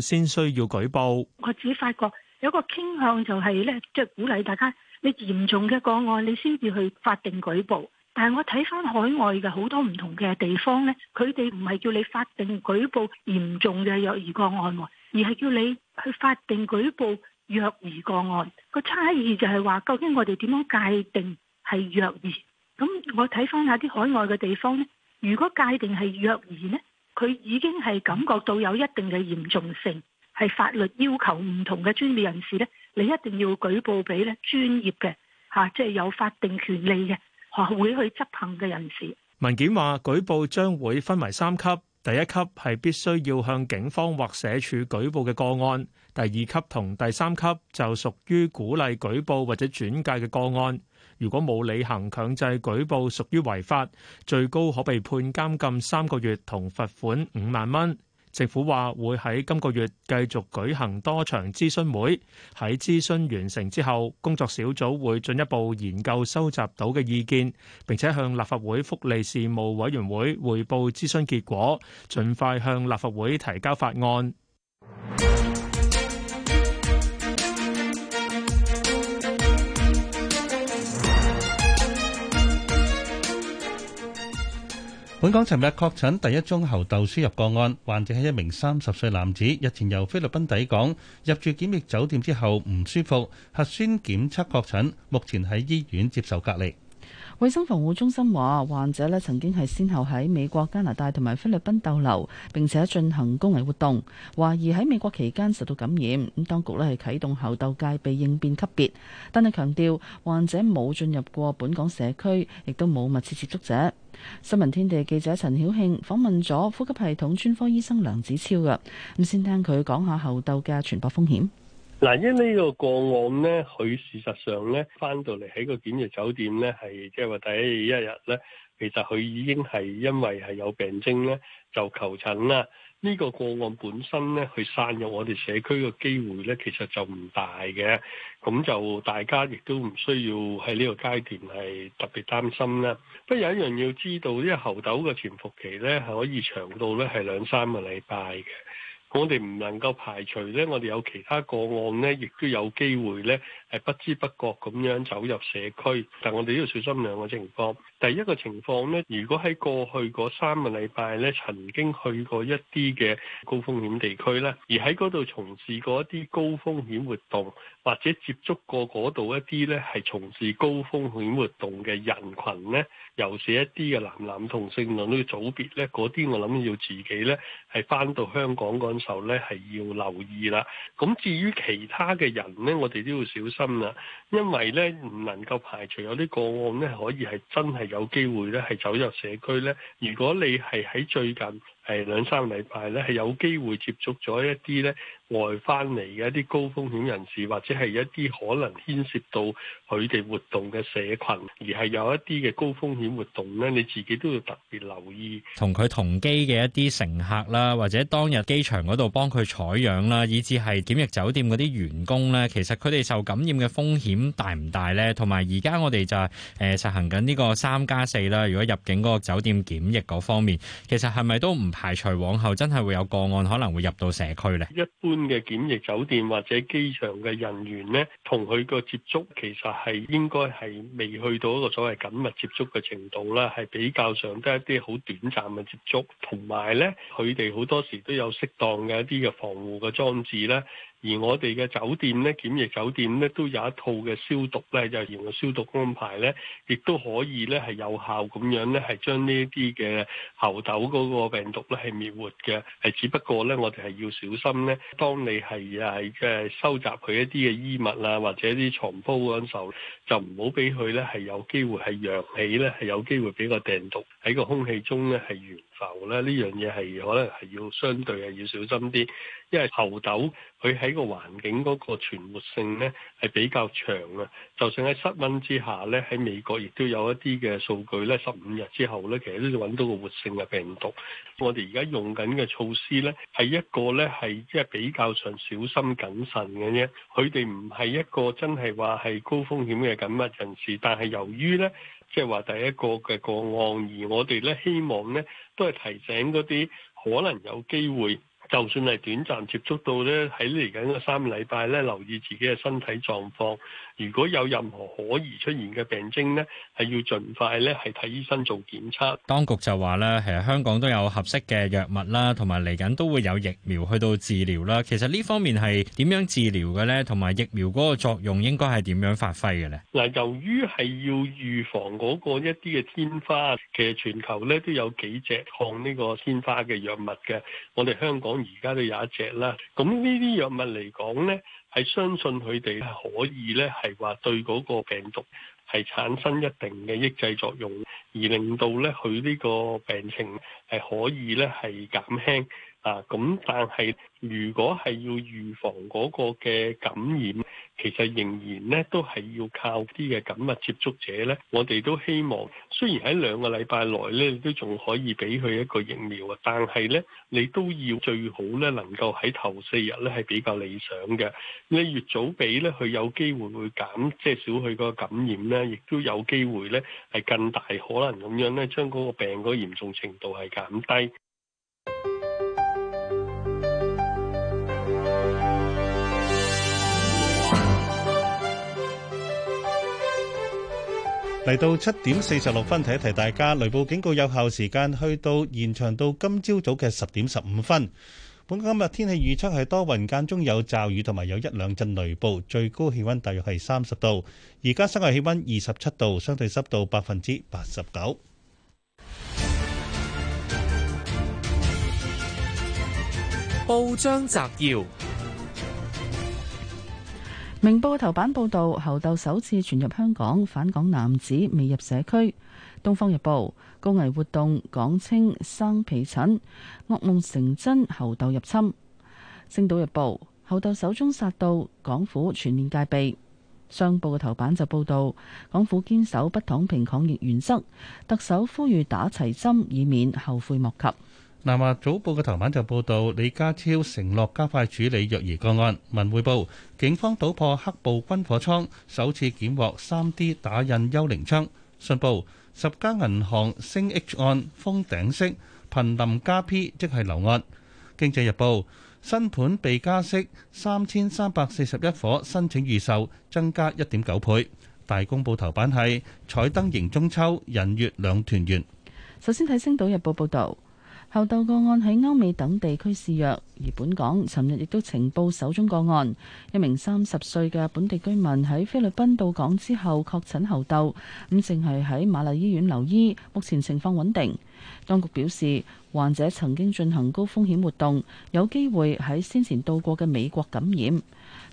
先需要舉報。我自己發覺有一個傾向就係呢，即係鼓勵大家，你嚴重嘅個案你先至去法定舉報。但係我睇翻海外嘅好多唔同嘅地方呢，佢哋唔係叫你法定舉報嚴重嘅虐兒個案，而係叫你去法定舉報虐兒個案。個差異就係話，究竟我哋點樣界定係虐兒？咁我睇翻下啲海外嘅地方呢，如果界定係虐兒呢？佢已經係感覺到有一定嘅嚴重性，係法律要求唔同嘅專業人士咧，你一定要舉報俾咧專業嘅嚇、啊，即係有法定權利嘅學會去執行嘅人士。文件話，舉報將會分為三級，第一級係必須要向警方或社署舉報嘅個案，第二級同第三級就屬於鼓勵舉報或者轉介嘅個案。如果冇履行強制舉報，屬於違法，最高可被判監禁三個月同罰款五萬蚊。政府話會喺今個月繼續舉行多場諮詢會，喺諮詢完成之後，工作小組會進一步研究收集到嘅意見，並且向立法會福利事務委員會匯報諮詢結果，盡快向立法會提交法案。本港尋日確診第一宗猴痘輸入個案，患者係一名三十歲男子，日前由菲律賓抵港，入住檢疫酒店之後唔舒服，核酸檢測確診，目前喺醫院接受隔離。衛生防護中心話，患者呢曾經係先後喺美國、加拿大同埋菲律賓逗留，並且進行公藝活動，懷疑喺美國期間受到感染。咁當局呢係啟動猴痘戒備應變級別，但係強調患者冇進入過本港社區，亦都冇密切接觸者。新聞天地記者陳曉慶訪問咗呼吸系統專科醫生梁子超噶，咁先聽佢講下猴痘嘅傳播風險。嗱，因呢個個案呢，佢事實上呢，翻到嚟喺個檢疫酒店呢，係即係話第一,一日呢，其實佢已經係因為係有病徵呢，就求診啦。呢、這個個案本身呢，佢散入我哋社區嘅機會呢，其實就唔大嘅。咁就大家亦都唔需要喺呢個階段係特別擔心啦。不過有一樣要知道，呢喉豆嘅潛伏期呢，咧，可以長到呢係兩三個禮拜嘅。我哋唔能夠排除咧，我哋有其他個案咧，亦都有機會咧，係不知不覺咁樣走入社區，但我哋都要小心兩個情況。第一個情況咧，如果喺過去嗰三個禮拜咧，曾經去過一啲嘅高風險地區咧，而喺嗰度從事過一啲高風險活動或者接觸過嗰度一啲咧係從事高風險活動嘅人群咧，尤其是一啲嘅男男同性戀呢個組別咧，嗰啲我諗要自己咧係翻到香港嗰時候咧係要留意啦，咁至於其他嘅人咧，我哋都要小心啦，因為咧唔能夠排除有啲個案咧，可以係真係有機會咧，係走入社區咧。如果你係喺最近。係兩三禮拜咧，係有機會接觸咗一啲咧外翻嚟嘅一啲高風險人士，或者係一啲可能牽涉到佢哋活動嘅社群，而係有一啲嘅高風險活動咧，你自己都要特別留意。同佢同機嘅一啲乘客啦，或者當日機場嗰度幫佢採樣啦，以至係檢疫酒店嗰啲員工咧，其實佢哋受感染嘅風險大唔大咧？同埋而家我哋就係誒、呃、實行緊呢個三加四啦，如果入境嗰個酒店檢疫嗰方面，其實係咪都唔？排除往後真係會有個案可能會入到社區咧。一般嘅檢疫酒店或者機場嘅人員咧，同佢個接觸其實，係應該，係未去到一個所謂緊密接觸嘅程度啦，係比較上得一啲好短暫嘅接觸，同埋咧佢哋好多時都有適當嘅一啲嘅防護嘅裝置咧。而我哋嘅酒店咧，檢疫酒店咧，都有一套嘅消毒咧，就用個消毒安排咧，亦都可以咧係有效咁樣咧，係將呢啲嘅猴痘嗰個病毒咧係滅活嘅。係，只不過咧，我哋係要小心咧，當你係啊，即係收集佢一啲嘅衣物啊，或者啲床鋪嗰陣時候，就唔好俾佢咧係有機會係揚起咧，係有機會俾個病毒喺個空氣中咧係完。流咧呢樣嘢係可能係要相對係要小心啲，因為猴痘佢喺個環境嗰個存活性呢係比較長啊。就算喺室溫之下呢，喺美國亦都有一啲嘅數據呢，十五日之後呢，其實都揾到個活性嘅病毒。我哋而家用緊嘅措施呢，係一個呢係即係比較上小心謹慎嘅啫。佢哋唔係一個真係話係高風險嘅緊密人士，但係由於呢。即係話第一個嘅個案，而我哋咧希望咧，都係提醒嗰啲可能有機會，就算係短暫接觸到咧，喺嚟緊嘅三個禮拜咧，留意自己嘅身體狀況。如果有任何可疑出現嘅病徵呢，係要盡快咧，係睇醫生做檢測。當局就話咧，其實香港都有合適嘅藥物啦，同埋嚟緊都會有疫苗去到治療啦。其實呢方面係點樣治療嘅呢？同埋疫苗嗰個作用應該係點樣發揮嘅咧？嗱，由於係要預防嗰個一啲嘅天花，其實全球咧都有幾隻抗呢個天花嘅藥物嘅。我哋香港而家都有一隻啦。咁呢啲藥物嚟講呢。係相信佢哋係可以咧，係話對嗰個病毒係產生一定嘅抑制作用，而令到咧佢呢個病情係可以咧係減輕。啊，咁但係如果係要預防嗰個嘅感染，其實仍然咧都係要靠啲嘅緊密接觸者咧。我哋都希望，雖然喺兩個禮拜內咧都仲可以俾佢一個疫苗啊，但係咧你都要最好咧能夠喺頭四日咧係比較理想嘅。你越早俾咧，佢有機會會減，即係少去個感染咧，亦都有機會咧係更大可能咁樣咧，將嗰個病嗰個嚴重程度係減低。嚟到七點四十六分，提一提大家雷暴警告有效時間去到延長到今朝早嘅十點十五分。本港今日天氣預測係多雲間中有驟雨同埋有一兩陣雷暴，最高氣温大約係三十度。而家室外氣温二十七度，相對濕度百分之八十九。報章摘要。明報嘅頭版報道，猴痘首次傳入香港，返港男子未入社區。東方日報，高危活動，港青生皮疹，噩夢成真，猴痘入侵。星島日報，猴痘首宗殺到，港府全面戒備。商報嘅頭版就報道，港府堅守不躺平抗疫原則，特首呼籲打齊針，以免後悔莫及。南華早報嘅頭版就報道，李家超承諾加快處理虐兒個案。文匯報，警方搗破黑暴軍火倉，首次檢獲三 D 打印幽靈槍。信報，十間銀行升 H 案封頂式，瀕臨加 P，即係留案。經濟日報，新盤被加息三千三百四十一伙申請預售，增加一點九倍。大公報頭版係彩燈迎中秋，人月兩團圓。首先睇《星島日報》報道。猴痘個案喺歐美等地區肆虐，而本港尋日亦都呈報首宗個案，一名三十歲嘅本地居民喺菲律賓到港之後確診猴痘，咁淨係喺瑪麗醫院留醫，目前情況穩定。當局表示，患者曾經進行高風險活動，有機會喺先前到過嘅美國感染。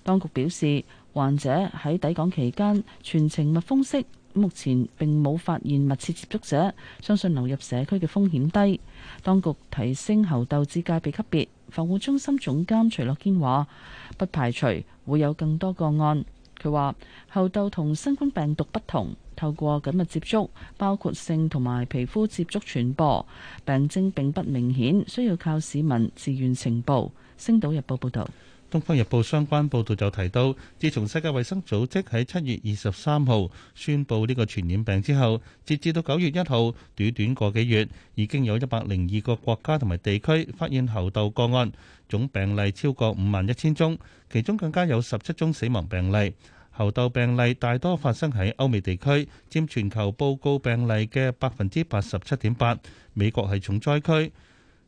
當局表示，患者喺抵港期間全程密封式。目前並冇發現密切接觸者，相信流入社區嘅風險低。當局提升猴痘至戒備級別，防護中心總監徐樂堅話：不排除會有更多個案。佢話：猴痘同新冠病毒不同，透過緊密接觸，包括性同埋皮膚接觸傳播，病徵並不明顯，需要靠市民自願情報。星島日報報道。《東方日報》相關報導就提到，自從世界衛生組織喺七月二十三號宣布呢個傳染病之後，截至到九月一號，短短個幾月，已經有一百零二個國家同埋地區發現猴痘個案，總病例超過五萬一千宗，其中更加有十七宗死亡病例。猴痘病例大多發生喺歐美地區，佔全球報告病例嘅百分之八十七點八。美國係重災區，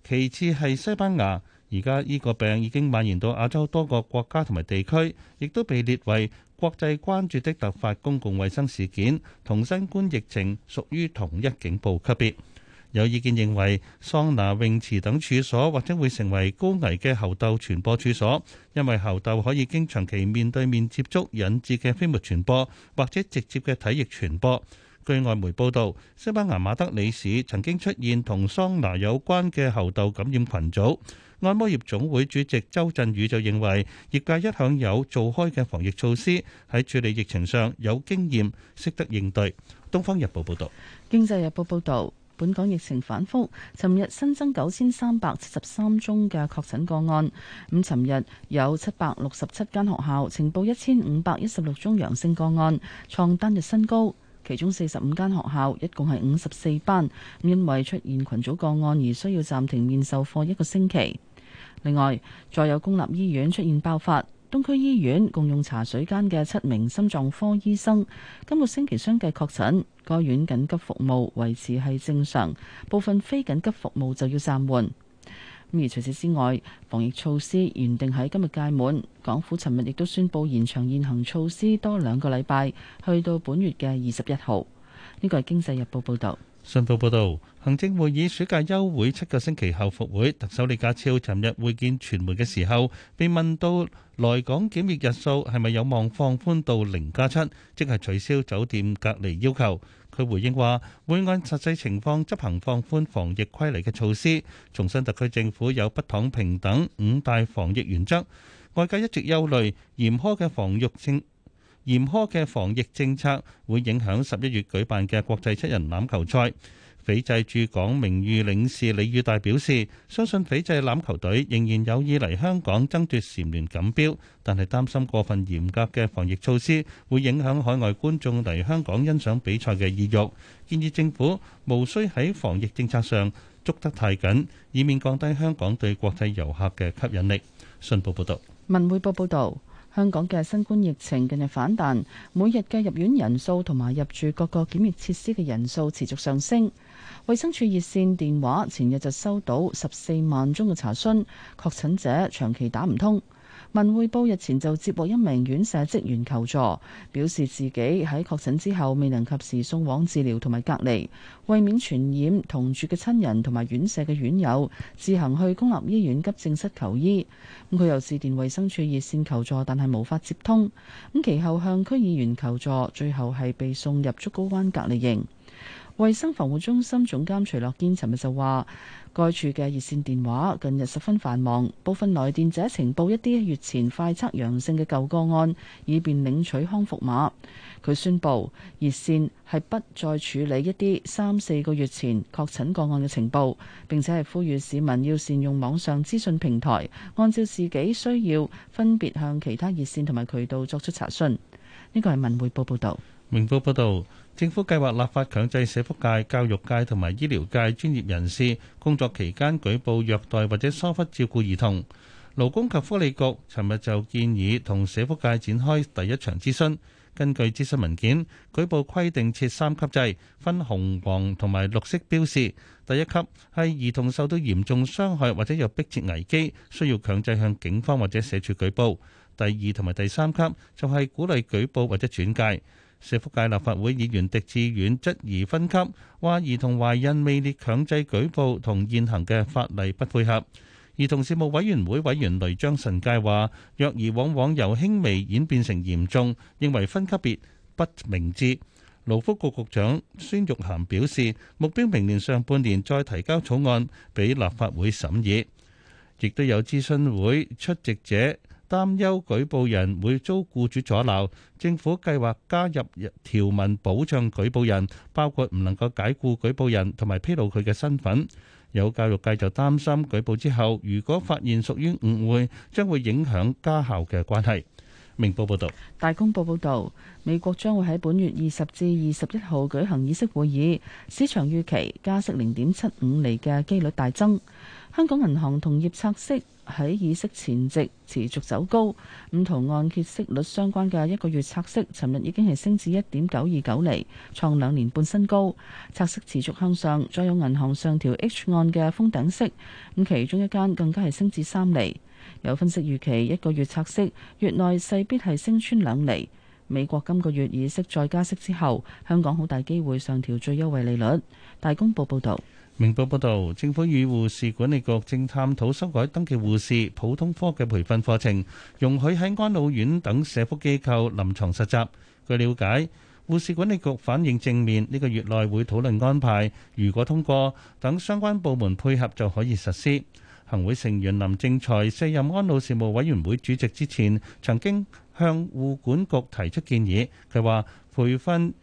其次係西班牙。而家呢個病已經蔓延到亞洲多個國家同埋地區，亦都被列為國際關注的突發公共衛生事件，同新冠疫情屬於同一警報級別。有意見認為，桑拿、泳池等處所或者會成為高危嘅猴痘傳播處所，因為猴痘可以經長期面對面接觸引致嘅飛沫傳播，或者直接嘅體液傳播。據外媒報導，西班牙馬德里市曾經出現同桑拿有關嘅猴痘感染群組。按摩業總會主席周振宇就認為，業界一向有做開嘅防疫措施，喺處理疫情上有經驗，識得應對。《東方日報》報導，《經濟日報》報導，本港疫情反覆，尋日新增九千三百七十三宗嘅確診個案。咁尋日有七百六十七間學校呈報一千五百一十六宗陽性個案，創單日新高。其中四十五間學校一共係五十四班，因為出現群組個案而需要暫停面授課一個星期。另外，再有公立醫院出現爆發，東區醫院共用茶水間嘅七名心臟科醫生今個星期相繼確診，該院緊急服務維持係正常，部分非緊急服務就要暫緩。咁而除此之外，防疫措施原定喺今日屆滿，港府尋日亦都宣布延長現行措施多兩個禮拜，去到本月嘅二十一號。呢個係《經濟日報》報導，《信報》報導。行政會議暑假休會七個星期後復會。特首李家超尋日會見傳媒嘅時候，被問到來港檢疫日數係咪有望放寬到零加七，7，即係取消酒店隔離要求。佢回應話會按實際情況執行放寬防疫規例嘅措施。重申特區政府有不躺平等五大防疫原則。外界一直憂慮嚴苛嘅防疫政嚴苛嘅防疫政策會影響十一月舉辦嘅國際七人欖球賽。斐濟駐港名譽領事李宇大表示，相信斐濟欖球隊仍然有意嚟香港爭奪蟬聯錦標，但係擔心過分嚴格嘅防疫措施會影響海外觀眾嚟香港欣賞比賽嘅意欲，建議政府無需喺防疫政策上捉得太緊，以免降低香港對國際遊客嘅吸引力。信報報道。文匯報報道。香港嘅新冠疫情近日反彈，每日嘅入院人數同埋入住各個檢疫設施嘅人數持續上升。衛生署熱線電話前日就收到十四萬宗嘅查詢，確診者長期打唔通。文匯報日前就接獲一名院舍職員求助，表示自己喺確診之後未能及時送往治療同埋隔離，為免傳染同住嘅親人同埋院舍嘅院友，自行去公立醫院急症室求醫。咁佢又致電衛生署熱線求助，但係無法接通。咁其後向區議員求助，最後係被送入竹篙灣隔離營。衛生防護中心總監徐樂堅尋日就話，該處嘅熱線電話近日十分繁忙，部分來電者呈報一啲月前快測陽性嘅舊個案，以便領取康復碼。佢宣布，熱線係不再處理一啲三四個月前確診個案嘅情報，並且係呼籲市民要善用網上資訊平台，按照自己需要分別向其他熱線同埋渠道作出查詢。呢個係文匯報報道，明報報道。政府計劃立法強制社福界、教育界同埋醫療界專業人士工作期間舉報虐待或者疏忽照顧兒童。勞工及福利局尋日就建議同社福界展開第一場諮詢。根據諮詢文件，舉報規定設三級制，分紅黃同埋綠色標示。第一級係兒童受到嚴重傷害或者有迫切危機，需要強制向警方或者社署舉報。第二同埋第三級就係鼓勵舉報或者轉介。社福界立法會議員狄志遠質疑分級，話兒童懷孕未列強制舉報，同現行嘅法例不配合。兒童事務委員會委員雷張慎佳話：虐兒往往由輕微演變成嚴重，認為分級別不明智。勞福局局長孫玉菡表示，目標明年上半年再提交草案俾立法會審議。亦都有諮詢會出席者，擔憂舉報人會遭雇主阻撓，政府計劃加入條文保障舉報人，包括唔能夠解雇舉報人同埋披露佢嘅身份。有教育界就擔心舉報之後，如果發現屬於誤會，將會影響家校嘅關係。明報報道，大公報報道，美國將會喺本月二十至二十一號舉行議息會議，市場預期加息零點七五釐嘅機率大增。香港銀行同業拆息，喺議息前夕持續走高，咁同按揭息率相關嘅一個月拆息，尋日已經係升至一點九二九釐，創兩年半新高。拆息持續向上，再有銀行上調 H 按嘅封頂息，咁其中一間更加係升至三厘。有分析預期一個月拆息月內勢必係升穿兩厘。美國今個月議息再加息之後，香港好大機會上調最優惠利率。大公報報導。明報報道，政府與護士管理局正探討修改登記護士普通科嘅培訓課程，容許喺安老院等社福機構臨床實習。據了解，護士管理局反應正面，呢個月內會討論安排。如果通過，等相關部門配合就可以實施。行會成員林正財卸任安老事務委員會主席之前，曾經向護管局提出建議。佢話培訓。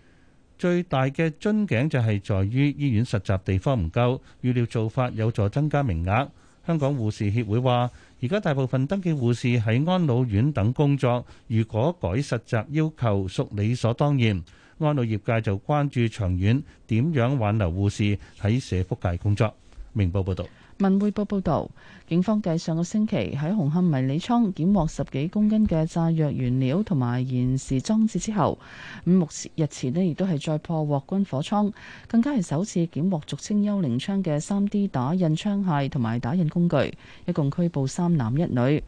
最大嘅樽頸就係在於醫院實習地方唔夠，預料做法有助增加名額，香港護士協會話而家大部分登記護士喺安老院等工作，如果改實習要求，屬理所當然。安老業界就關注長遠點樣挽留護士喺社福界工作。明報報道。文匯報報道，警方繼上個星期喺紅磡迷你倉檢獲十幾公斤嘅炸藥原料同埋延時裝置之後，咁目前日前咧亦都係再破獲軍火倉，更加係首次檢獲俗稱幽靈槍嘅 3D 打印槍械同埋打印工具，一共拘捕三男一女。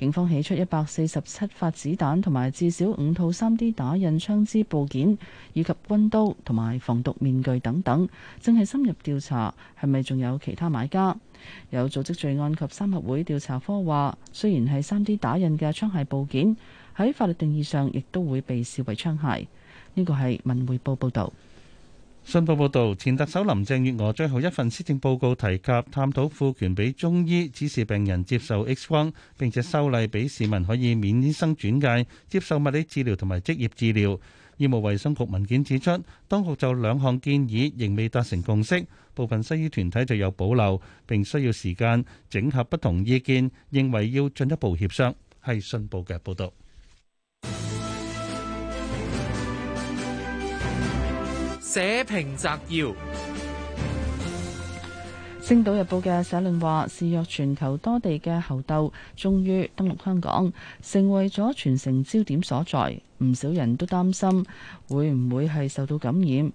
警方起出一百四十七發子彈同埋至少五套三 D 打印槍支部件，以及軍刀同埋防毒面具等等，正係深入調查，係咪仲有其他買家？有組織罪案及三合會調查科話，雖然係三 D 打印嘅槍械部件，喺法律定義上亦都會被視為槍械。呢個係文匯報報道。信報報導，前特首林鄭月娥最後一份施政報告提及探討賦權俾中醫指示病人接受 X 光，並且修例俾市民可以免醫生轉介接受物理治療同埋職業治療。醫務衛生局文件指出，當局就兩項建議仍未達成共識，部分西醫團體就有保留，並需要時間整合不同意見，認為要進一步協商。係信報嘅報導。社評摘要：星島日報論》嘅社論話，肆虐全球多地嘅猴痘終於登陸香港，成為咗全城焦點所在，唔少人都擔心會唔會係受到感染。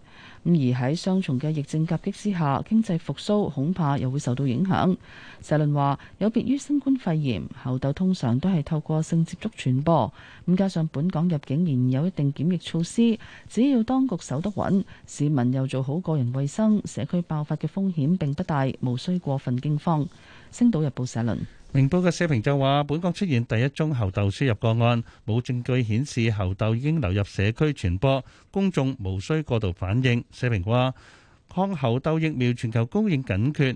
咁而喺雙重嘅疫症夾擊之下，經濟復甦恐怕又會受到影響。社論話，有別於新冠肺炎，猴痘通常都係透過性接觸傳播。咁加上本港入境仍有一定檢疫措施，只要當局守得穩，市民又做好個人衞生，社區爆發嘅風險並不大，無需過分驚慌。《星島日報》社論，明報嘅社評就話，本港出現第一宗猴痘輸入個案，冇證據顯示猴痘已經流入社區傳播，公眾無需過度反應。社評話，抗猴痘疫苗全球供應緊缺。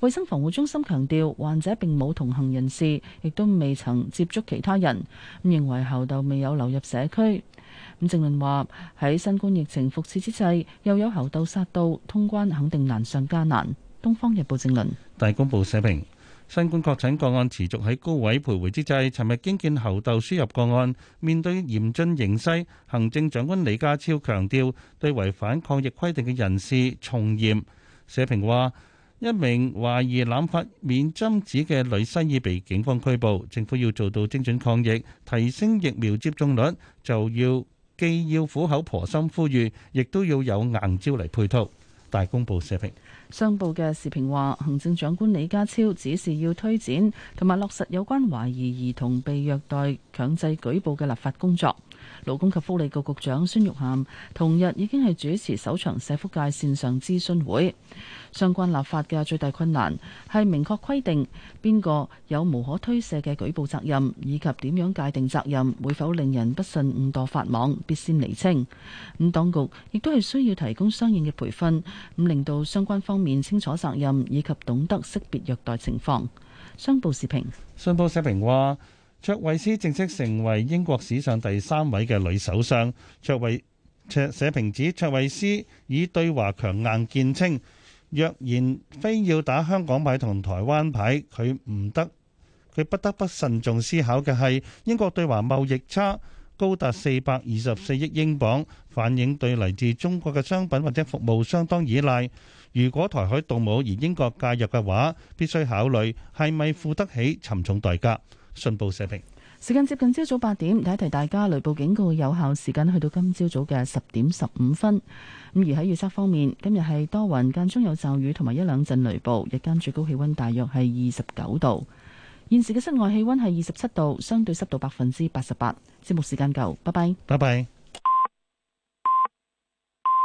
衞生防護中心強調，患者並冇同行人士，亦都未曾接觸其他人，認為猴痘未有流入社區。咁正論話喺新冠疫情復熾之際，又有猴痘殺到，通關肯定難上加難。《東方日報》正論大公報社評：新冠確診個案持續喺高位徘徊之際，尋日驚見猴痘輸入個案，面對嚴峻形勢，行政長官李家超強調對違反抗疫規定嘅人士重嚴。社評話。一名懷疑濫發免針紙嘅女生已被警方拘捕。政府要做到精準抗疫，提升疫苗接種率，就要既要苦口婆心呼籲，亦都要有硬招嚟配套。大公報社評商報嘅時評話，行政長官李家超指示要推展同埋落實有關懷疑兒童被虐待強制舉報嘅立法工作。勞工及福利局局長孫玉菡同日已經係主持首場社福界線上諮詢會。相關立法嘅最大困難係明確規定邊個有無可推卸嘅舉報責任，以及點樣界定責任會否令人不慎誤墮法網，必先釐清。咁、嗯，當局亦都係需要提供相應嘅培訓，咁、嗯、令到相關方面清楚責任，以及懂得識別虐待情況。商報視頻，商報社評話。卓慧斯正式成為英國史上第三位嘅女首相。卓慧卓社評指，卓慧斯以對華強硬見稱。若然非要打香港牌同台灣牌，佢唔得，佢不得不慎重思考嘅係英國對華貿易差高達四百二十四億英鎊，反映對嚟自中國嘅商品或者服務相當依賴。如果台海動武而英國介入嘅話，必須考慮係咪付得起沉重代價。信報社評時間接近朝早八點，提一提大家雷暴警告有效時間去到今朝早嘅十點十五分。咁而喺預測方面，今日係多雲間中有驟雨同埋一兩陣雷暴，日間最高氣温大約係二十九度。現時嘅室外氣温係二十七度，相對濕度百分之八十八。節目時間夠，拜拜，拜拜。